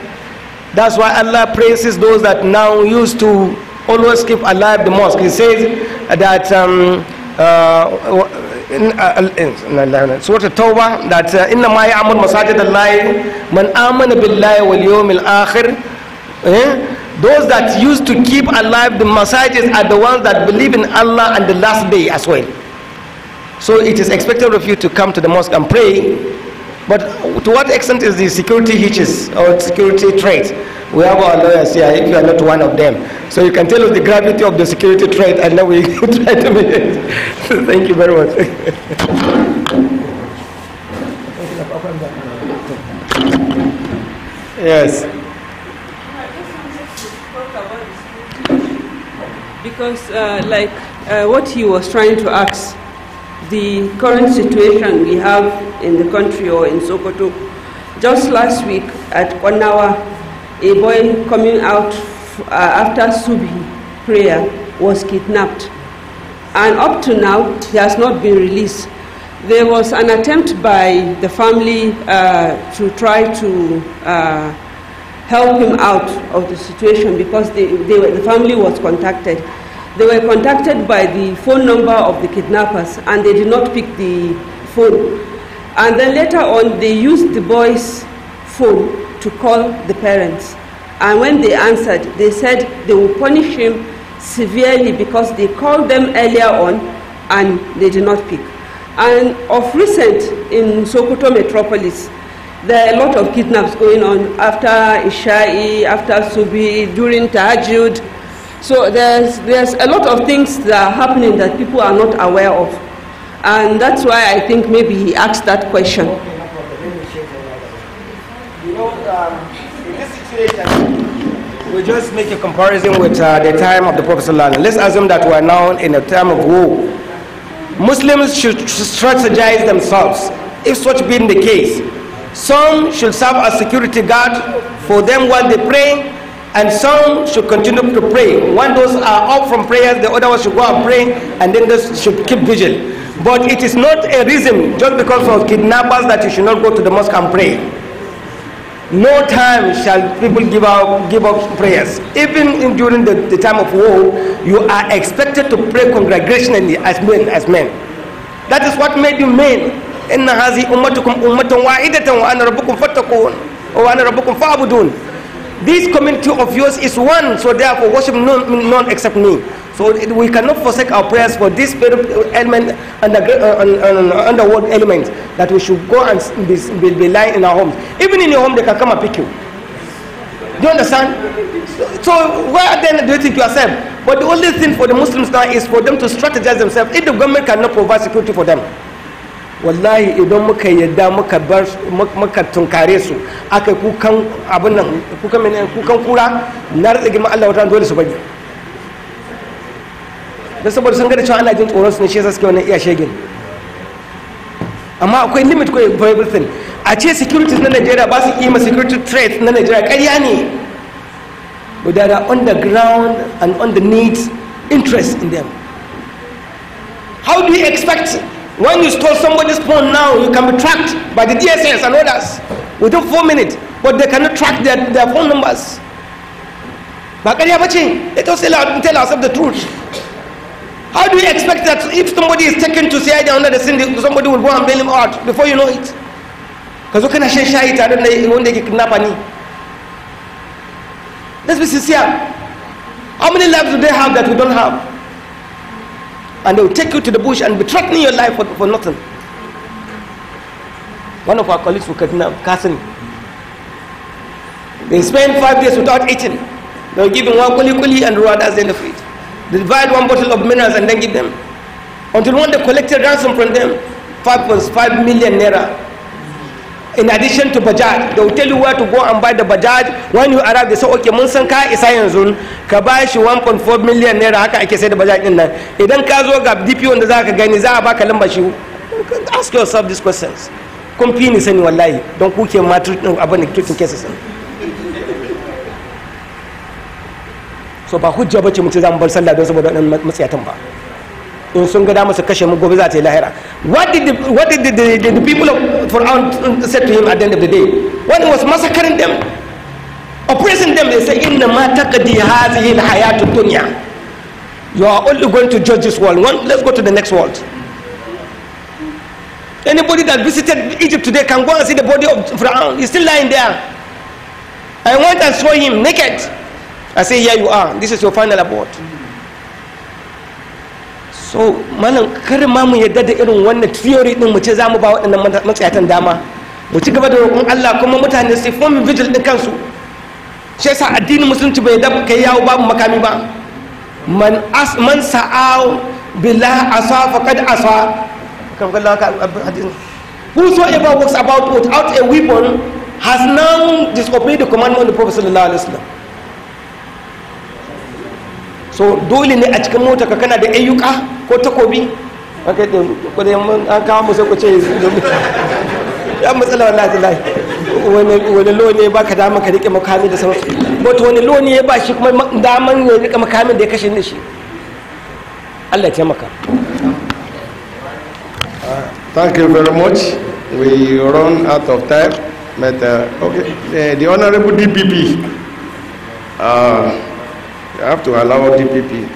That's why Allah praises those that now used to always keep alive the mosque. He says that um, uh, so uh, in Surah Tawbah that inna ma ya'mur masajid Allah man amana billahi wal yawmil akhir those that used to keep alive the masajids are the ones that believe in Allah and the last day as well so it is expected of you to come to the mosque and pray but to what extent is the security hitches or security threat we have our lawyers here if you are not one of them. So you can tell us the gravity of the security threat and now we [laughs] try to meet it. [laughs] Thank you very much. [laughs] yes. Because, uh, like uh, what he was trying to ask, the current situation we have in the country or in Sokoto, just last week at hour, a boy coming out uh, after Subhi prayer was kidnapped. And up to now, he has not been released. There was an attempt by the family uh, to try to uh, help him out of the situation because they, they were, the family was contacted. They were contacted by the phone number of the kidnappers and they did not pick the phone. And then later on, they used the boy's phone to call the parents. And when they answered, they said they will punish him severely because they called them earlier on and they did not pick. And of recent, in Sokoto metropolis, there are a lot of kidnaps going on after Isha'i, after Subi, during Tajud. So there's, there's a lot of things that are happening that people are not aware of. And that's why I think maybe he asked that question. We just make a comparison with uh, the time of the Prophet Let's assume that we are now in a time of war. Muslims should strategize themselves. If such being the case, some should serve as security guard for them while they pray, and some should continue to pray. One those are out from prayers, the other ones should go out praying, and then they should keep vigil. But it is not a reason just because of kidnappers that you should not go to the mosque and pray. No time shall people give up, give up prayers. Even in, during the, the time of war, you are expected to pray congregationally as men. As men. That is what made you men. إن هذه أمتكم أمة واحدة وأنا ربكم فاتقون وأنا ربكم فاعبدون this community of yours is one, so therefore worship none, none except me. So we cannot forsake our prayers for this element and the, uh, underworld element that we should go and be, be, be, lying in our homes. Even in your home, they can come and pick you. Do you understand? So, where then do you think you are safe? But the only thing for the Muslims now is for them to strategize themselves if the government cannot provide security for them. wallahi idan muka yadda muka bar muka tunkare su aka kukan abin nan kukan mene kukan kura na rage ma Allah wata dole su bage da saboda sun gada cewa ana jin tsoron su ne shi yasa suke wannan iya shegin amma akwai limit ko for everything a ce securities na Najeriya ba su kima security threat na Najeriya ƙarya ne but they are on the ground and on the need interest in them how do you expect When you store somebody's phone now, you can be tracked by the DSS and others within four minutes, but they cannot track their, their phone numbers. But let us tell, ourselves the truth. How do you expect that if somebody is taken to CID under the sin, somebody will go and bail him out before you know it? Because you cannot share it, I don't know, one day kidnap Let's be sincere. How many lives do they have that we don't have? and they will take you to the bush and be threatening your life for, for nothing. One of our colleagues from Katina Kassani, they spend five days without eating. They were giving one kuli kuli and reward as the feet. They divide one bottle of minerals and then give them. Until one they collected ransom from them, five five million naira in addition to bajaj da hotel you to go and buy the bajaj when you arrive they say okay mun san ka isa yanzu ka ba shi 1.4 million naira haka ake sai da bajaj din nan idan ka zo ga dp wanda za ka gani za a baka lamba shi ask yourself these questions kun fi ni sani wallahi don kuke ma abin da tutun kesa sani so ba hujja bace mutum za mu bar sallah don saboda wannan matsayatan ba in sun gada dama kashe mu gobe za ta yi lahira what did the, what did the, the, the, people of Pharaoh said to him at the end of the day when he was massacring them oppressing them they say inna ma taqdi hadhihi al-hayatu dunya you are only going to judge this world One, let's go to the next world anybody that visited Egypt today can go and see the body of Pharaoh he's still lying there I went and saw him naked I say here you are this is your final abode so malam karin ma mu yadda da irin wannan theory din mu ce za mu ba waɗannan matsayatan dama mu ci gaba da roƙon Allah kuma mutane su form vigil din kansu shi yasa addinin musulunci bai da kai yawo babu makami ba man as man sa'a billah asa faqad asa kan kallon ka hadisin whosoever works about without a weapon has now disobeyed the commandment of the prophet sallallahu alaihi wasallam so dole ne a cikin mota ka kana da ayyuka ko takobi da kai an kawo musa sai ku ce ya matsala wallahi tallahi wani loni ba ka dama ka rike makami da sauransu wato wani loni ya ba shi kuma daman ya rike makamin da ya kashe shi Allah ya taimaka thank you very much we run out of time but uh, okay uh, the honorable dpp uh, You have to allow DPP.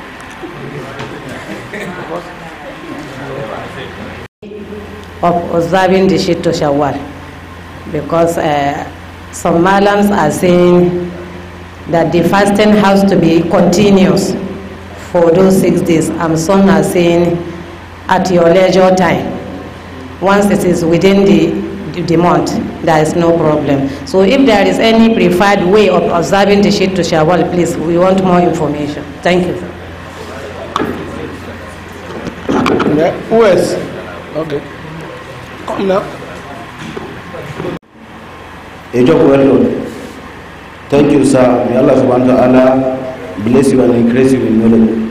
Of observing the Shito because uh, some Malams are saying that the fasting has to be continuous for those six days. And some are saying at your leisure time. Once it is within the demand, there is no problem. So if there is any preferred way of observing the sheet to Shawwal, please, we want more information. Thank you. Yeah, who else? Okay. Come now. Thank you, sir. May Allah subhanahu wa ta'ala bless you and increase you in knowledge.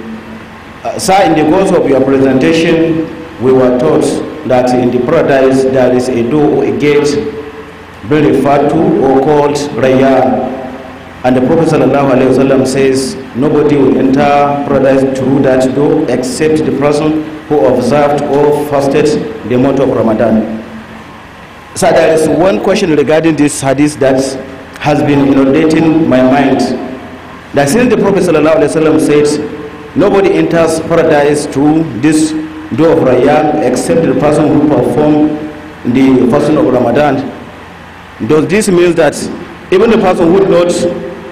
Uh, sir, in the course of your presentation, we were taught that in the paradise there is a door or a gate being referred to or called Raya. And the Prophet wasallam says, Nobody will enter paradise through that door except the person who observed or fasted the month of Ramadan. So there is one question regarding this hadith that has been inundating my mind. That since the Prophet wasallam said, Nobody enters paradise through this do of Rayyan except the person who performed the fasting of Ramadan. Does this mean that even the person who not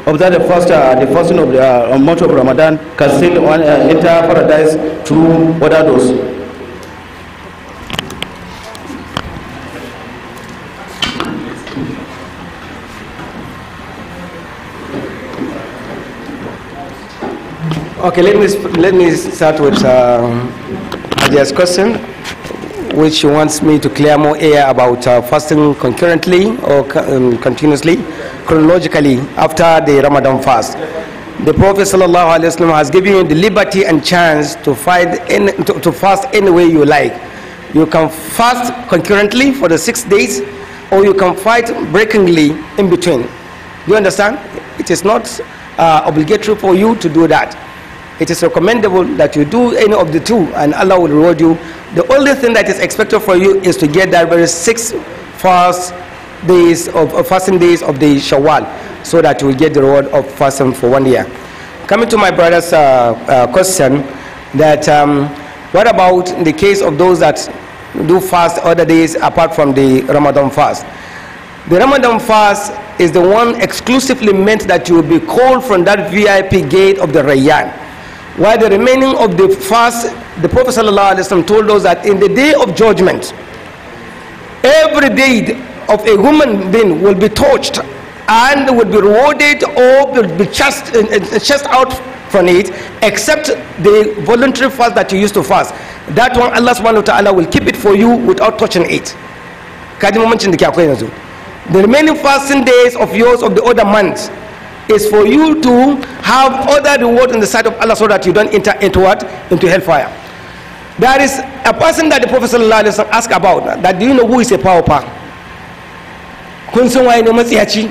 observe the fast, uh, the fasting of the uh, month of Ramadan can still uh, enter paradise through other doors? Okay, let me let me start with um, there's question which wants me to clear more air about uh, fasting concurrently or um, continuously, chronologically after the Ramadan fast. The Prophet ﷺ has given you the liberty and chance to, to, to fast any way you like. You can fast concurrently for the six days, or you can fight breakingly in between. Do you understand? It is not uh, obligatory for you to do that it is recommendable that you do any of the two and Allah will reward you. The only thing that is expected for you is to get that very six fast days of, uh, fasting days of the Shawwal so that you will get the reward of fasting for one year. Coming to my brother's uh, uh, question that um, what about the case of those that do fast other days apart from the Ramadan fast? The Ramadan fast is the one exclusively meant that you will be called from that VIP gate of the Rayyan. While the remaining of the fast, the Prophet ﷺ told us that in the day of judgment, every deed of a human being will be touched and will be rewarded or will be uh, uh, chased, out from it except the voluntary fast that you used to fast. That one Allah subhanahu wa ta'ala will keep it for you without touching it. The remaining fasting days of yours of the other months is for you to have other reward in the sight of Allah so that you don't enter into what? Into hellfire. There is a person that the Prophet ﷺ asked about that do you know who is a pauper? Kun san waye ne matsiyaci?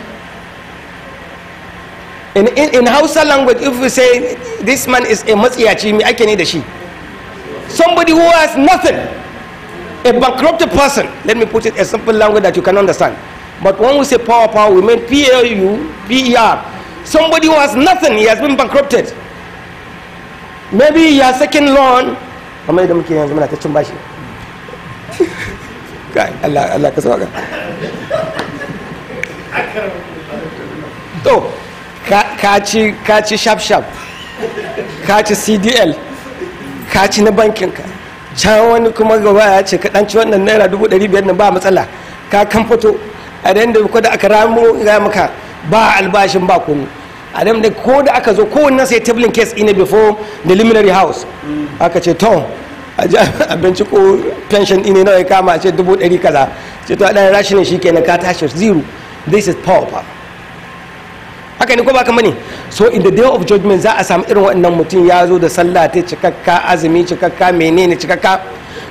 In, in, in Hausa language, if we say this man is a matsiyaci, me ake ne da shi? Somebody who has nothing, a bankrupted person. Let me put it a simple language that you can understand. But when we say power, power, we mean P-A-U-P-E-R. Somebody who has nothing, he has been bankrupted. Maybe has second loan. Kamar yadda muke yanzu muna ta cin bashi. [laughs] Kai, Allah, Allah ka sauka. To, ka ci ka ci sharp sharp. Ka ci CDL. Ka ci na bankinka. Can wani kuma gaba ya ce ka dan ci wannan naira dubu ɗari biyar ba matsala. Ka kan fito a da da aka ramu ga muka ba albashin ba komi a da ko da aka zo kowanne sai tablin case ina before the luminary house aka ce to a [laughs] abinci ko pension ina nawa ya kama a ce dubu ɗari kaza ce to a ɗan rashin shi kenan ka tashi zero this is power haka ne ko baka mani so in the day of judgment za a samu irin wannan mutum ya zo da sallah ta cikakka azumi cikakka menene cikakka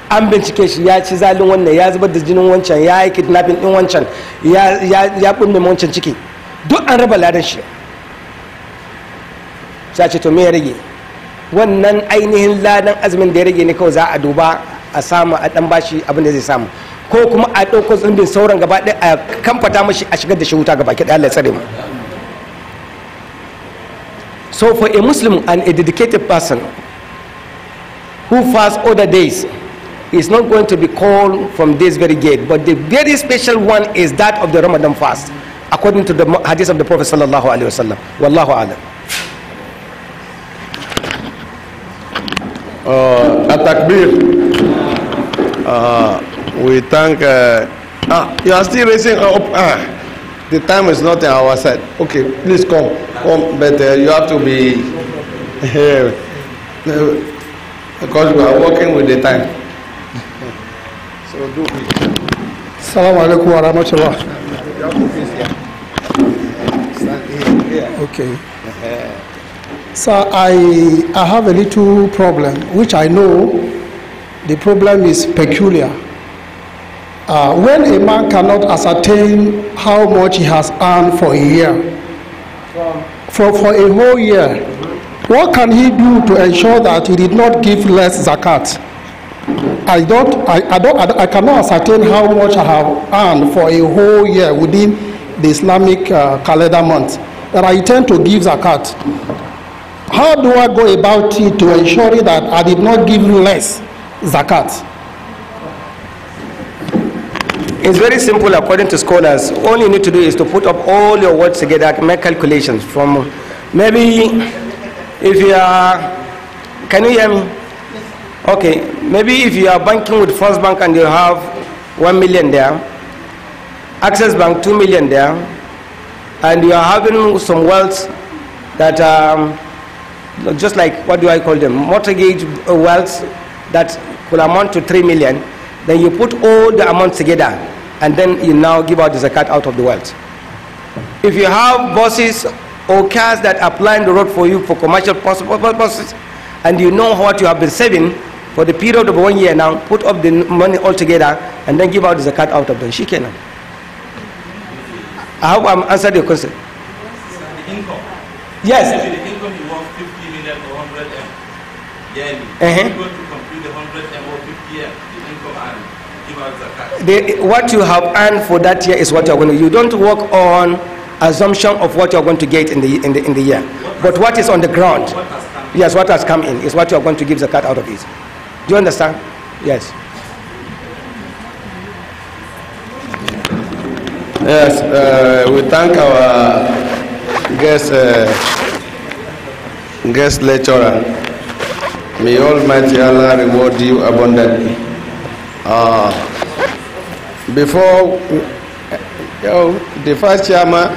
an bincike shi ya ci zalin wannan ya zubar da jinin wancan ya yi kidnapping din wancan ya ya wancan ciki duk an raba ladan shi sai ce to me ya rage wannan ainihin ladan azumin da ya rage ne kawai za a duba a samu a dan bashi abin da zai samu ko kuma a ɗauko zumbin sauran gaba ɗaya a kamfata mashi a shigar da shi wuta gaba ki ɗaya tsare mu so for a muslim and a dedicated person who all other days is not going to be called from this very gate but the very special one is that of the ramadan fast according to the hadith of the Prophet sallallahu alaihi wasallam. Wallahu alam. Uh, uh, we thank. Uh, ah, you are still raising up. Ah, the time is not on our side. Okay, please come, come. But uh, you have to be here because we are working with the time. so do. Assalamu alaikum wa rahmatullah here. Okay. Uh-huh. so I, I have a little problem, which I know the problem is peculiar. Uh, when a man cannot ascertain how much he has earned for a year, for, for a whole year, what can he do to ensure that he did not give less zakat? I don't, I, I don't, I, I cannot ascertain how much I have earned for a whole year within the Islamic uh, calendar month, that I intend to give zakat. How do I go about it to ensure that I did not give less zakat? It's very simple according to scholars. All you need to do is to put up all your words together, make calculations from maybe if you are, can you hear me? Okay, maybe if you are banking with First Bank and you have one million there, Access Bank 2 million there, and you are having some wealth that um, just like, what do I call them, mortgage uh, wealth that could amount to 3 million, then you put all the amounts together, and then you now give out the zakat out of the wealth. If you have buses or cars that are plying the road for you for commercial purposes, and you know what you have been saving for the period of one year now, put up the money all together and then give out the zakat out of them. Shikenan. I hope I'm answered your question. Yes. Maybe the income you want 50 million or 100 M yearly. Uh-huh. You to complete the 100 M or 50 M, the income The, what you have earned for that year is what you're going to. You don't work on assumption of what you're going to get in the in the in the year, what but what is on the ground? What yes, what has come in is what you're going to give the cut out of it. Do you understand? Yes. Yes, uh, we thank our guest, uh, guest lecturer. May Almighty Allah reward you abundantly. Uh, before yo, the first chairman,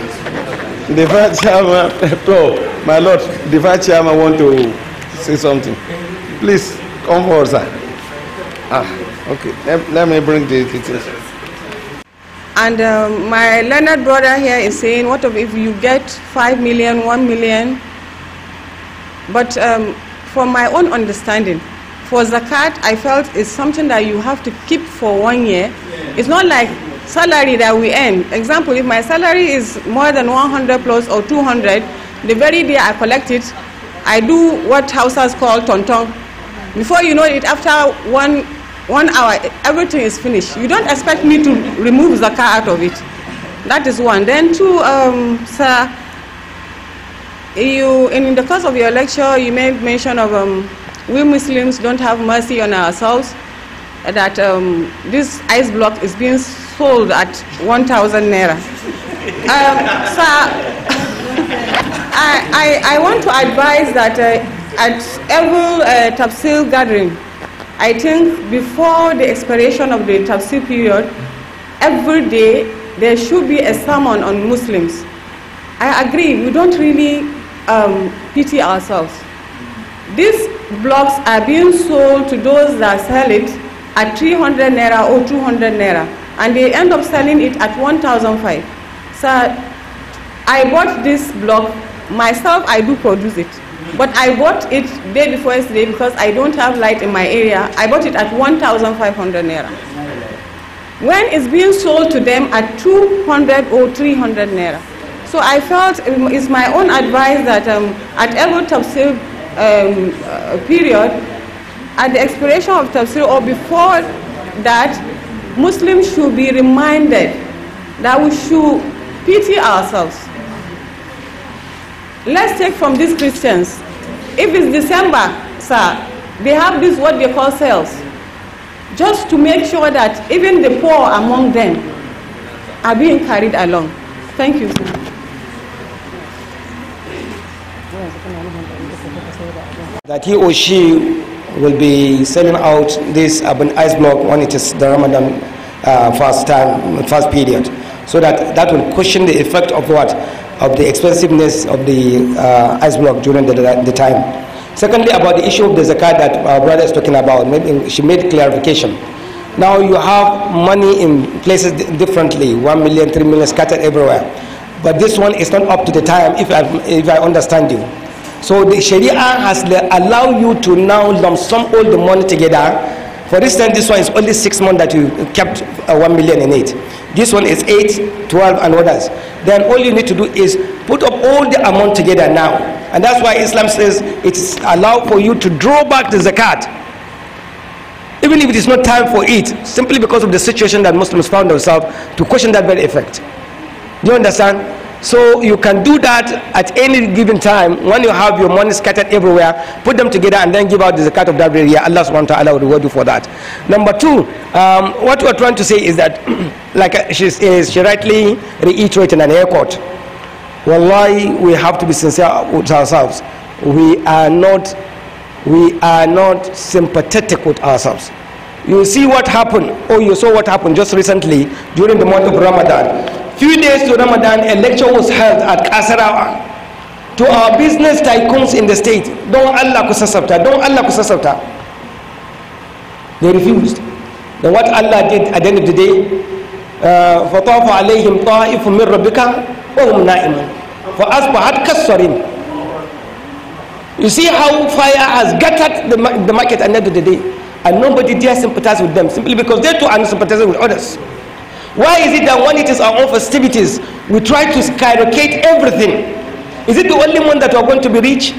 the first chairman, [laughs] oh, my lord, the first chairman want to say something. Please come forward, sir. Ah, okay. Let, let me bring the details. And um, my learned brother here is saying, what if you get 5 million, 1 million? But um, from my own understanding, for zakat, I felt it's something that you have to keep for one year. Yeah. It's not like salary that we earn. Example, if my salary is more than 100 plus or 200, the very day I collect it, I do what houses call tonton. Before you know it, after one one hour, everything is finished. You don't expect me to remove the car out of it. That is one. Then two, um, sir, you in the course of your lecture you made mention of um, we Muslims don't have mercy on ourselves. That um, this ice block is being sold at 1,000 naira. Um, sir, I, I, I want to advise that uh, at every uh, tafsir gathering I think before the expiration of the Tafsir period, every day there should be a sermon on Muslims. I agree, we don't really um, pity ourselves. These blocks are being sold to those that sell it at 300 naira or 200 naira, and they end up selling it at 1,005. So I bought this block myself, I do produce it. But I bought it day before yesterday because I don't have light in my area. I bought it at 1,500 naira. When it's being sold to them at 200 or 300 naira. So I felt um, it's my own advice that um, at every tafsir um, uh, period, at the expiration of tafsir or before that, Muslims should be reminded that we should pity ourselves. Let's take from these Christians if it's December, sir, they have this what they call sales, just to make sure that even the poor among them are being carried along. Thank you. That he or she will be selling out this urban ice block when it is the Ramadan uh, time, first period, so that that will cushion the effect of what of the expensiveness of the uh, ice block during the, the time. Secondly, about the issue of the zakat that our brother is talking about, maybe she made clarification. Now you have money in places differently, One million, three million scattered everywhere. But this one is not up to the time, if I, if I understand you. So the Sharia has allowed you to now lump sum all the money together. For instance, this one is only six months that you kept uh, 1 million in it. This one is 8, 12, and others. Then all you need to do is put up all the amount together now. And that's why Islam says it's allowed for you to draw back the zakat. Even if it is not time for it, simply because of the situation that Muslims found themselves to question that very effect. Do you understand? So you can do that at any given time when you have your money scattered everywhere. Put them together and then give out the zakat of that year. Allah subhanahu wa ta'ala will reward you for that. Number two, um, what we're trying to say is that, [clears throat] like uh, she, is, eh, she rightly reiterated in an airport. Wallahi, we have to be sincere with ourselves. We are not, we are not sympathetic with ourselves you see what happened or oh, you saw what happened just recently during the month of ramadan Few days to Ramadan, a lecture was held at Kasarawa to our business tycoons in the state. Don't Allah kusasabta, don't Allah kusasabta. They refused. Now, what Allah did at the end of the day, فَطَافَ عَلَيْهِمْ طَائِفٌ مِّن رَبِّكَ وَهُمْ نَائِمًا فَأَصْبَحَتْ you see how fire has gutted the, the market at the end of the day. And nobody dare sympathize with them simply because they too are not sympathizing with others. Why is it that when it is our own festivities, we try to skyrocket everything? Is it the only one that we're going to be rich?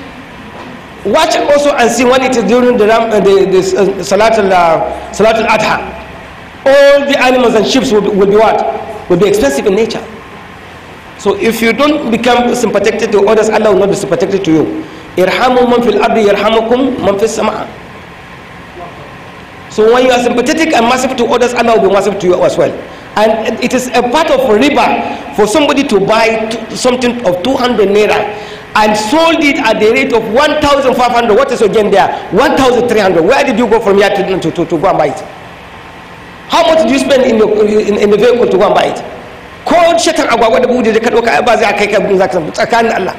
Watch also and see when it is during the, Ram, uh, the, the uh, uh, Adha. All the animals and sheep will, will be what? Will be expensive in nature. So if you don't become sympathetic to others, Allah will not be sympathetic to you. Irhamu sama. So when you are sympathetic and merciful to others, Allah will be merciful to you as well and it is a part of riba for somebody to buy something of 200 naira and sold it at the rate of 1,500. What is again there? 1,300. Where did you go from here to, to, to, to go and buy it? How much did you spend in the, in, in the vehicle to go and buy it? Ko shatan agwagwa da buɗe da ka ɗauka ba za kai ka bin Allah.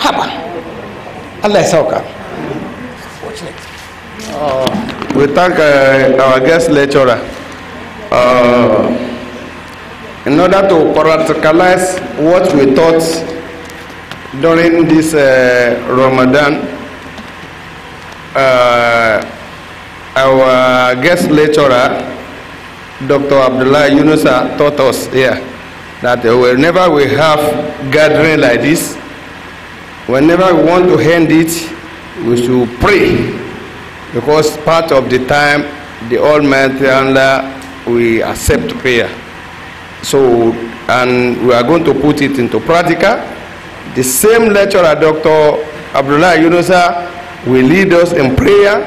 Haba. Allah is sauka. Watch next. Uh, we thank uh, our guest lecturer. Uh, in order to practicalize what we taught during this uh, Ramadan, uh, our guest lecturer, Dr. Abdullah Yunusa, taught us here that whenever we have gathering like this, whenever we want to end it, we should pray because part of the time the Almighty Allah we accept prayer. So, and we are going to put it into practical. The same lecturer, Doctor Abdullah Yunusa, will lead us in prayer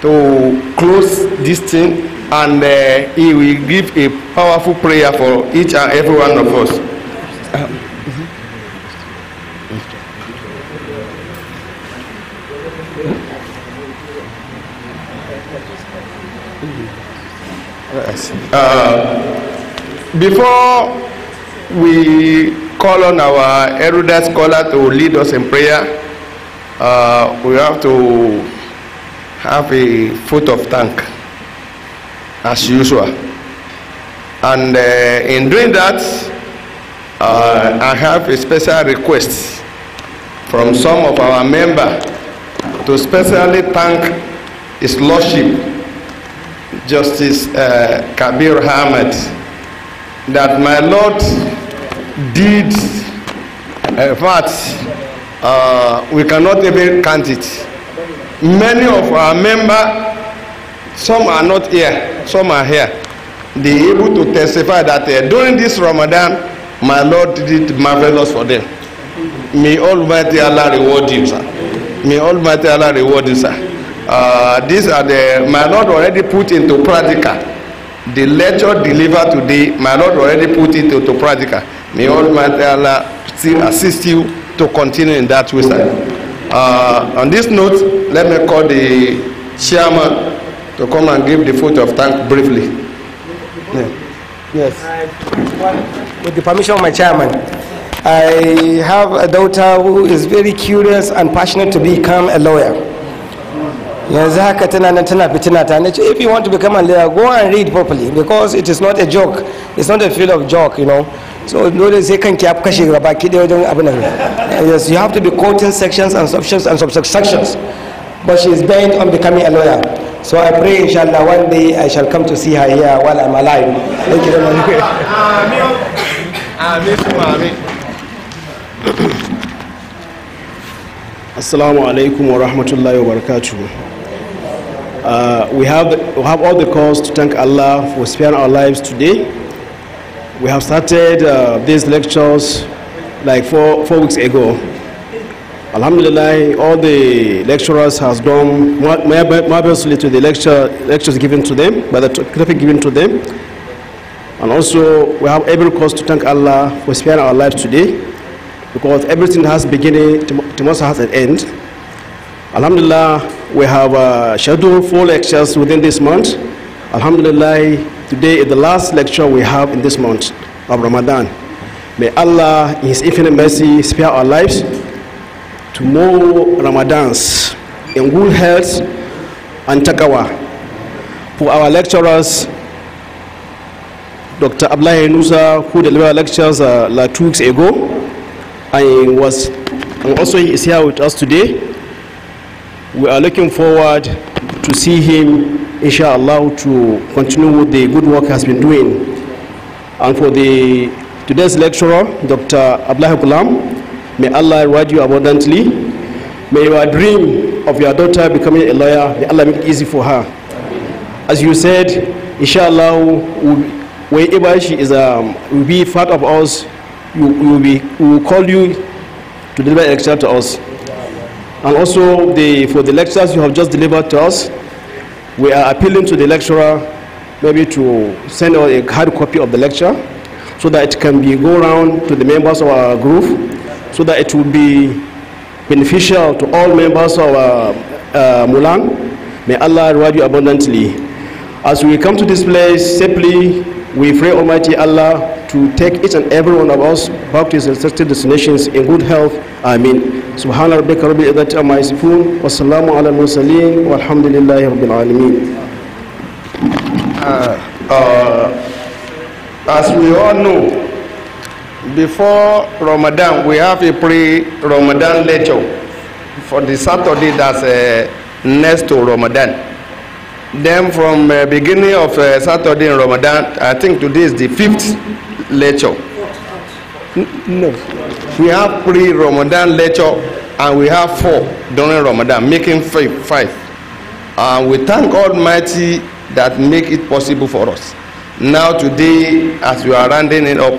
to close this thing and uh, he will give a powerful prayer for each and every one of us. Um, Uh, before we call on our erudite scholar to lead us in prayer, uh, we have to have a foot of thank as usual. And uh, in doing that, uh, I have a special request from some of our members to specially thank His Lordship Justice uh, Kabir Ahmed that my Lord did uh, in fact uh, we cannot even count it many of our members some are not here some are here they able to testify that uh, during this Ramadan my Lord did marvelous for them may Almighty Allah reward you sir may Almighty Allah reward you sir Uh, these are the my lord already put into practical the lecture delivered today my lord already put it into practical may almighty allah still assist you to continue in that way sir uh, on this note let me call the chairman to come and give the photo of thanks briefly yes with the permission of my chairman i have a daughter who is very curious and passionate to become a lawyer yanzu haka tana nan tana fitina ta nace if you want to become a leader go and read properly because it is not a joke it's not a field of joke you know so dole sai kanki ya kashe gaba ki dai wajen abin nan yes you have to be quoting sections and subsections and subsections but she is bent on becoming a lawyer so i pray inshallah one day i shall come to see her here while i'm alive thank you very much amen [laughs] amin amen assalamu alaikum wa rahmatullahi wa barakatuh Uh, we, have, we have all the cause to thank Allah for sparing our lives today. We have started uh, these lectures like four, four weeks ago. Alhamdulillah, all the lecturers has done marvelously to the lecture, lectures given to them, by the traffic given to them. And also, we have every cause to thank Allah for sparing our lives today, because everything has beginning, tomorrow has an end. Alhamdulillah, We have a uh, scheduled four lectures within this month. Alhamdulillah, today is the last lecture we have in this month of Ramadan. May Allah, in His infinite mercy, spare our lives to more Ramadans in good health and takawa. For our lecturers, Dr. Ablaye Nusa, who delivered lectures uh, like two weeks ago, and was and also he is here with us today. we are looking forward to see him, inshallah, to continue with the good work he has been doing. And for the today's lecturer, Dr. Abdullah may Allah reward you abundantly. May your dream of your daughter becoming a lawyer, may Allah make it easy for her. As you said, inshallah, wherever she is, um, will be part of us, we will, be, we will call you to deliver a lecture to us and also the, for the lectures you have just delivered to us, we are appealing to the lecturer maybe to send out a hard copy of the lecture so that it can be go around to the members of our group so that it will be beneficial to all members of our uh, uh Mulan. May Allah reward you abundantly. As we come to this place safely, we pray Almighty Allah to take each and every one of us back to his respective destinations in good health. Amen. سبحان rabbika رب izzati amma yasifun wa salamun ala mursalin walhamdulillahi rabbil alamin uh, uh, as we all know before ramadan we have a pre ramadan lecture for the saturday that's uh, next to ramadan then from uh, beginning of uh, saturday in ramadan i think today is the fifth lecture No. We have pre Ramadan lecture and we have four during Ramadan, making five. five. And we thank Almighty that make it possible for us. Now today, as we are rounding it up,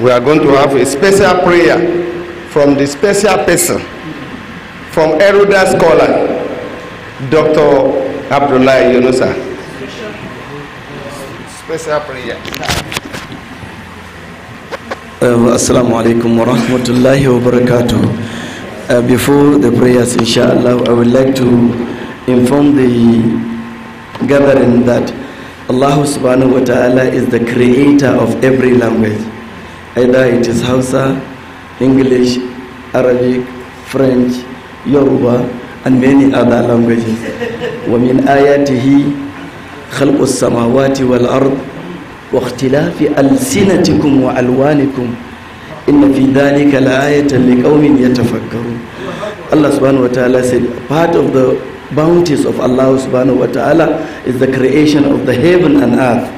we are going to have a special prayer from the special person, from Eruda scholar, Dr. Abdullah Yunusa. Special prayer. Uh, Assalamu alaikum wa rahmatullahi wa barakatuh. Uh, before the prayers, inshallah, I would like to inform the gathering that Allah subhanahu wa ta'ala is the creator of every language. Either it is Hausa, English, Arabic, French, Yoruba, and many other languages. وَمِنْ آيَاتِهِ خَلْقُ السَّمَاوَاتِ وَالْأَرْضِ واختلاف ألسنتكم وألوانكم إن في ذلك لآية لقوم يتفكرون Allah subhanahu wa ta'ala said part of the bounties of Allah subhanahu wa ta'ala is the creation of the heaven and earth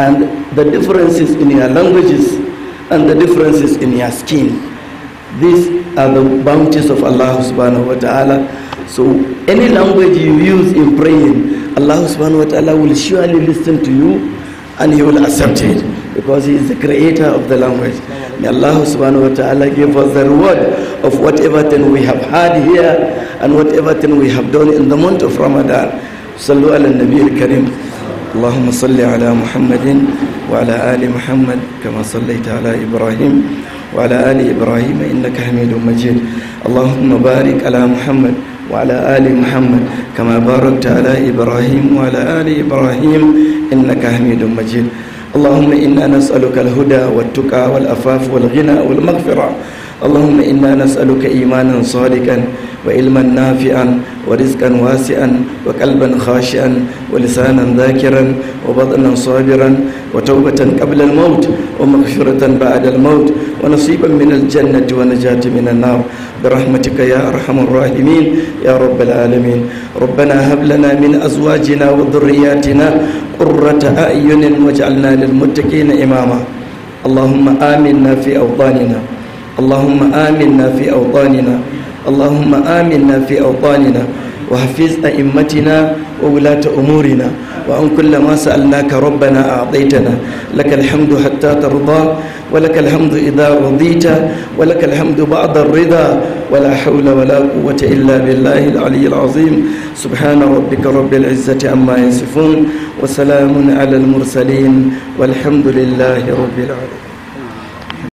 and the differences in your languages and the differences in your skin these are the bounties of Allah subhanahu wa ta'ala so any language you use in praying Allah subhanahu wa ta'ala will surely listen to you and he will accept it because he is the creator of the language. May Allah subhanahu wa ta'ala give us the reward of whatever thing we have had here and whatever thing we have done in the month of Ramadan. صلوا على النبي الكريم اللهم صل على محمد وعلى آل محمد كما صليت على إبراهيم وعلى آل إبراهيم إنك حميد مجيد اللهم بارك على محمد وعلى آل محمد كما باركت على إبراهيم وعلى آل إبراهيم إنك حميد مجيد اللهم إنا نسألك الهدى والتقى والأفاف والغنى والمغفرة اللهم إنا نسألك إيمانا صادقا وعلما نافعا ورزقا واسعا وقلبا خاشعا ولسانا ذاكرا وبطنا صابرا وتوبة قبل الموت ومغفرة بعد الموت ونصيبا من الجنة ونجاة من النار برحمتك يا أرحم الراحمين يا رب العالمين ربنا هب لنا من أزواجنا وذرياتنا قرة أعين واجعلنا للمتقين إماما اللهم آمنا في أوطاننا اللهم آمنا في أوطاننا اللهم آمنا في أوطاننا وحفظ أئمتنا وولاة أمورنا وعن كل ما سألناك ربنا أعطيتنا لك الحمد حتى ترضى ولك الحمد إذا رضيت ولك الحمد بعد الرضا ولا حول ولا قوة إلا بالله العلي العظيم سبحان ربك رب العزة عما يصفون وسلام على المرسلين والحمد لله رب العالمين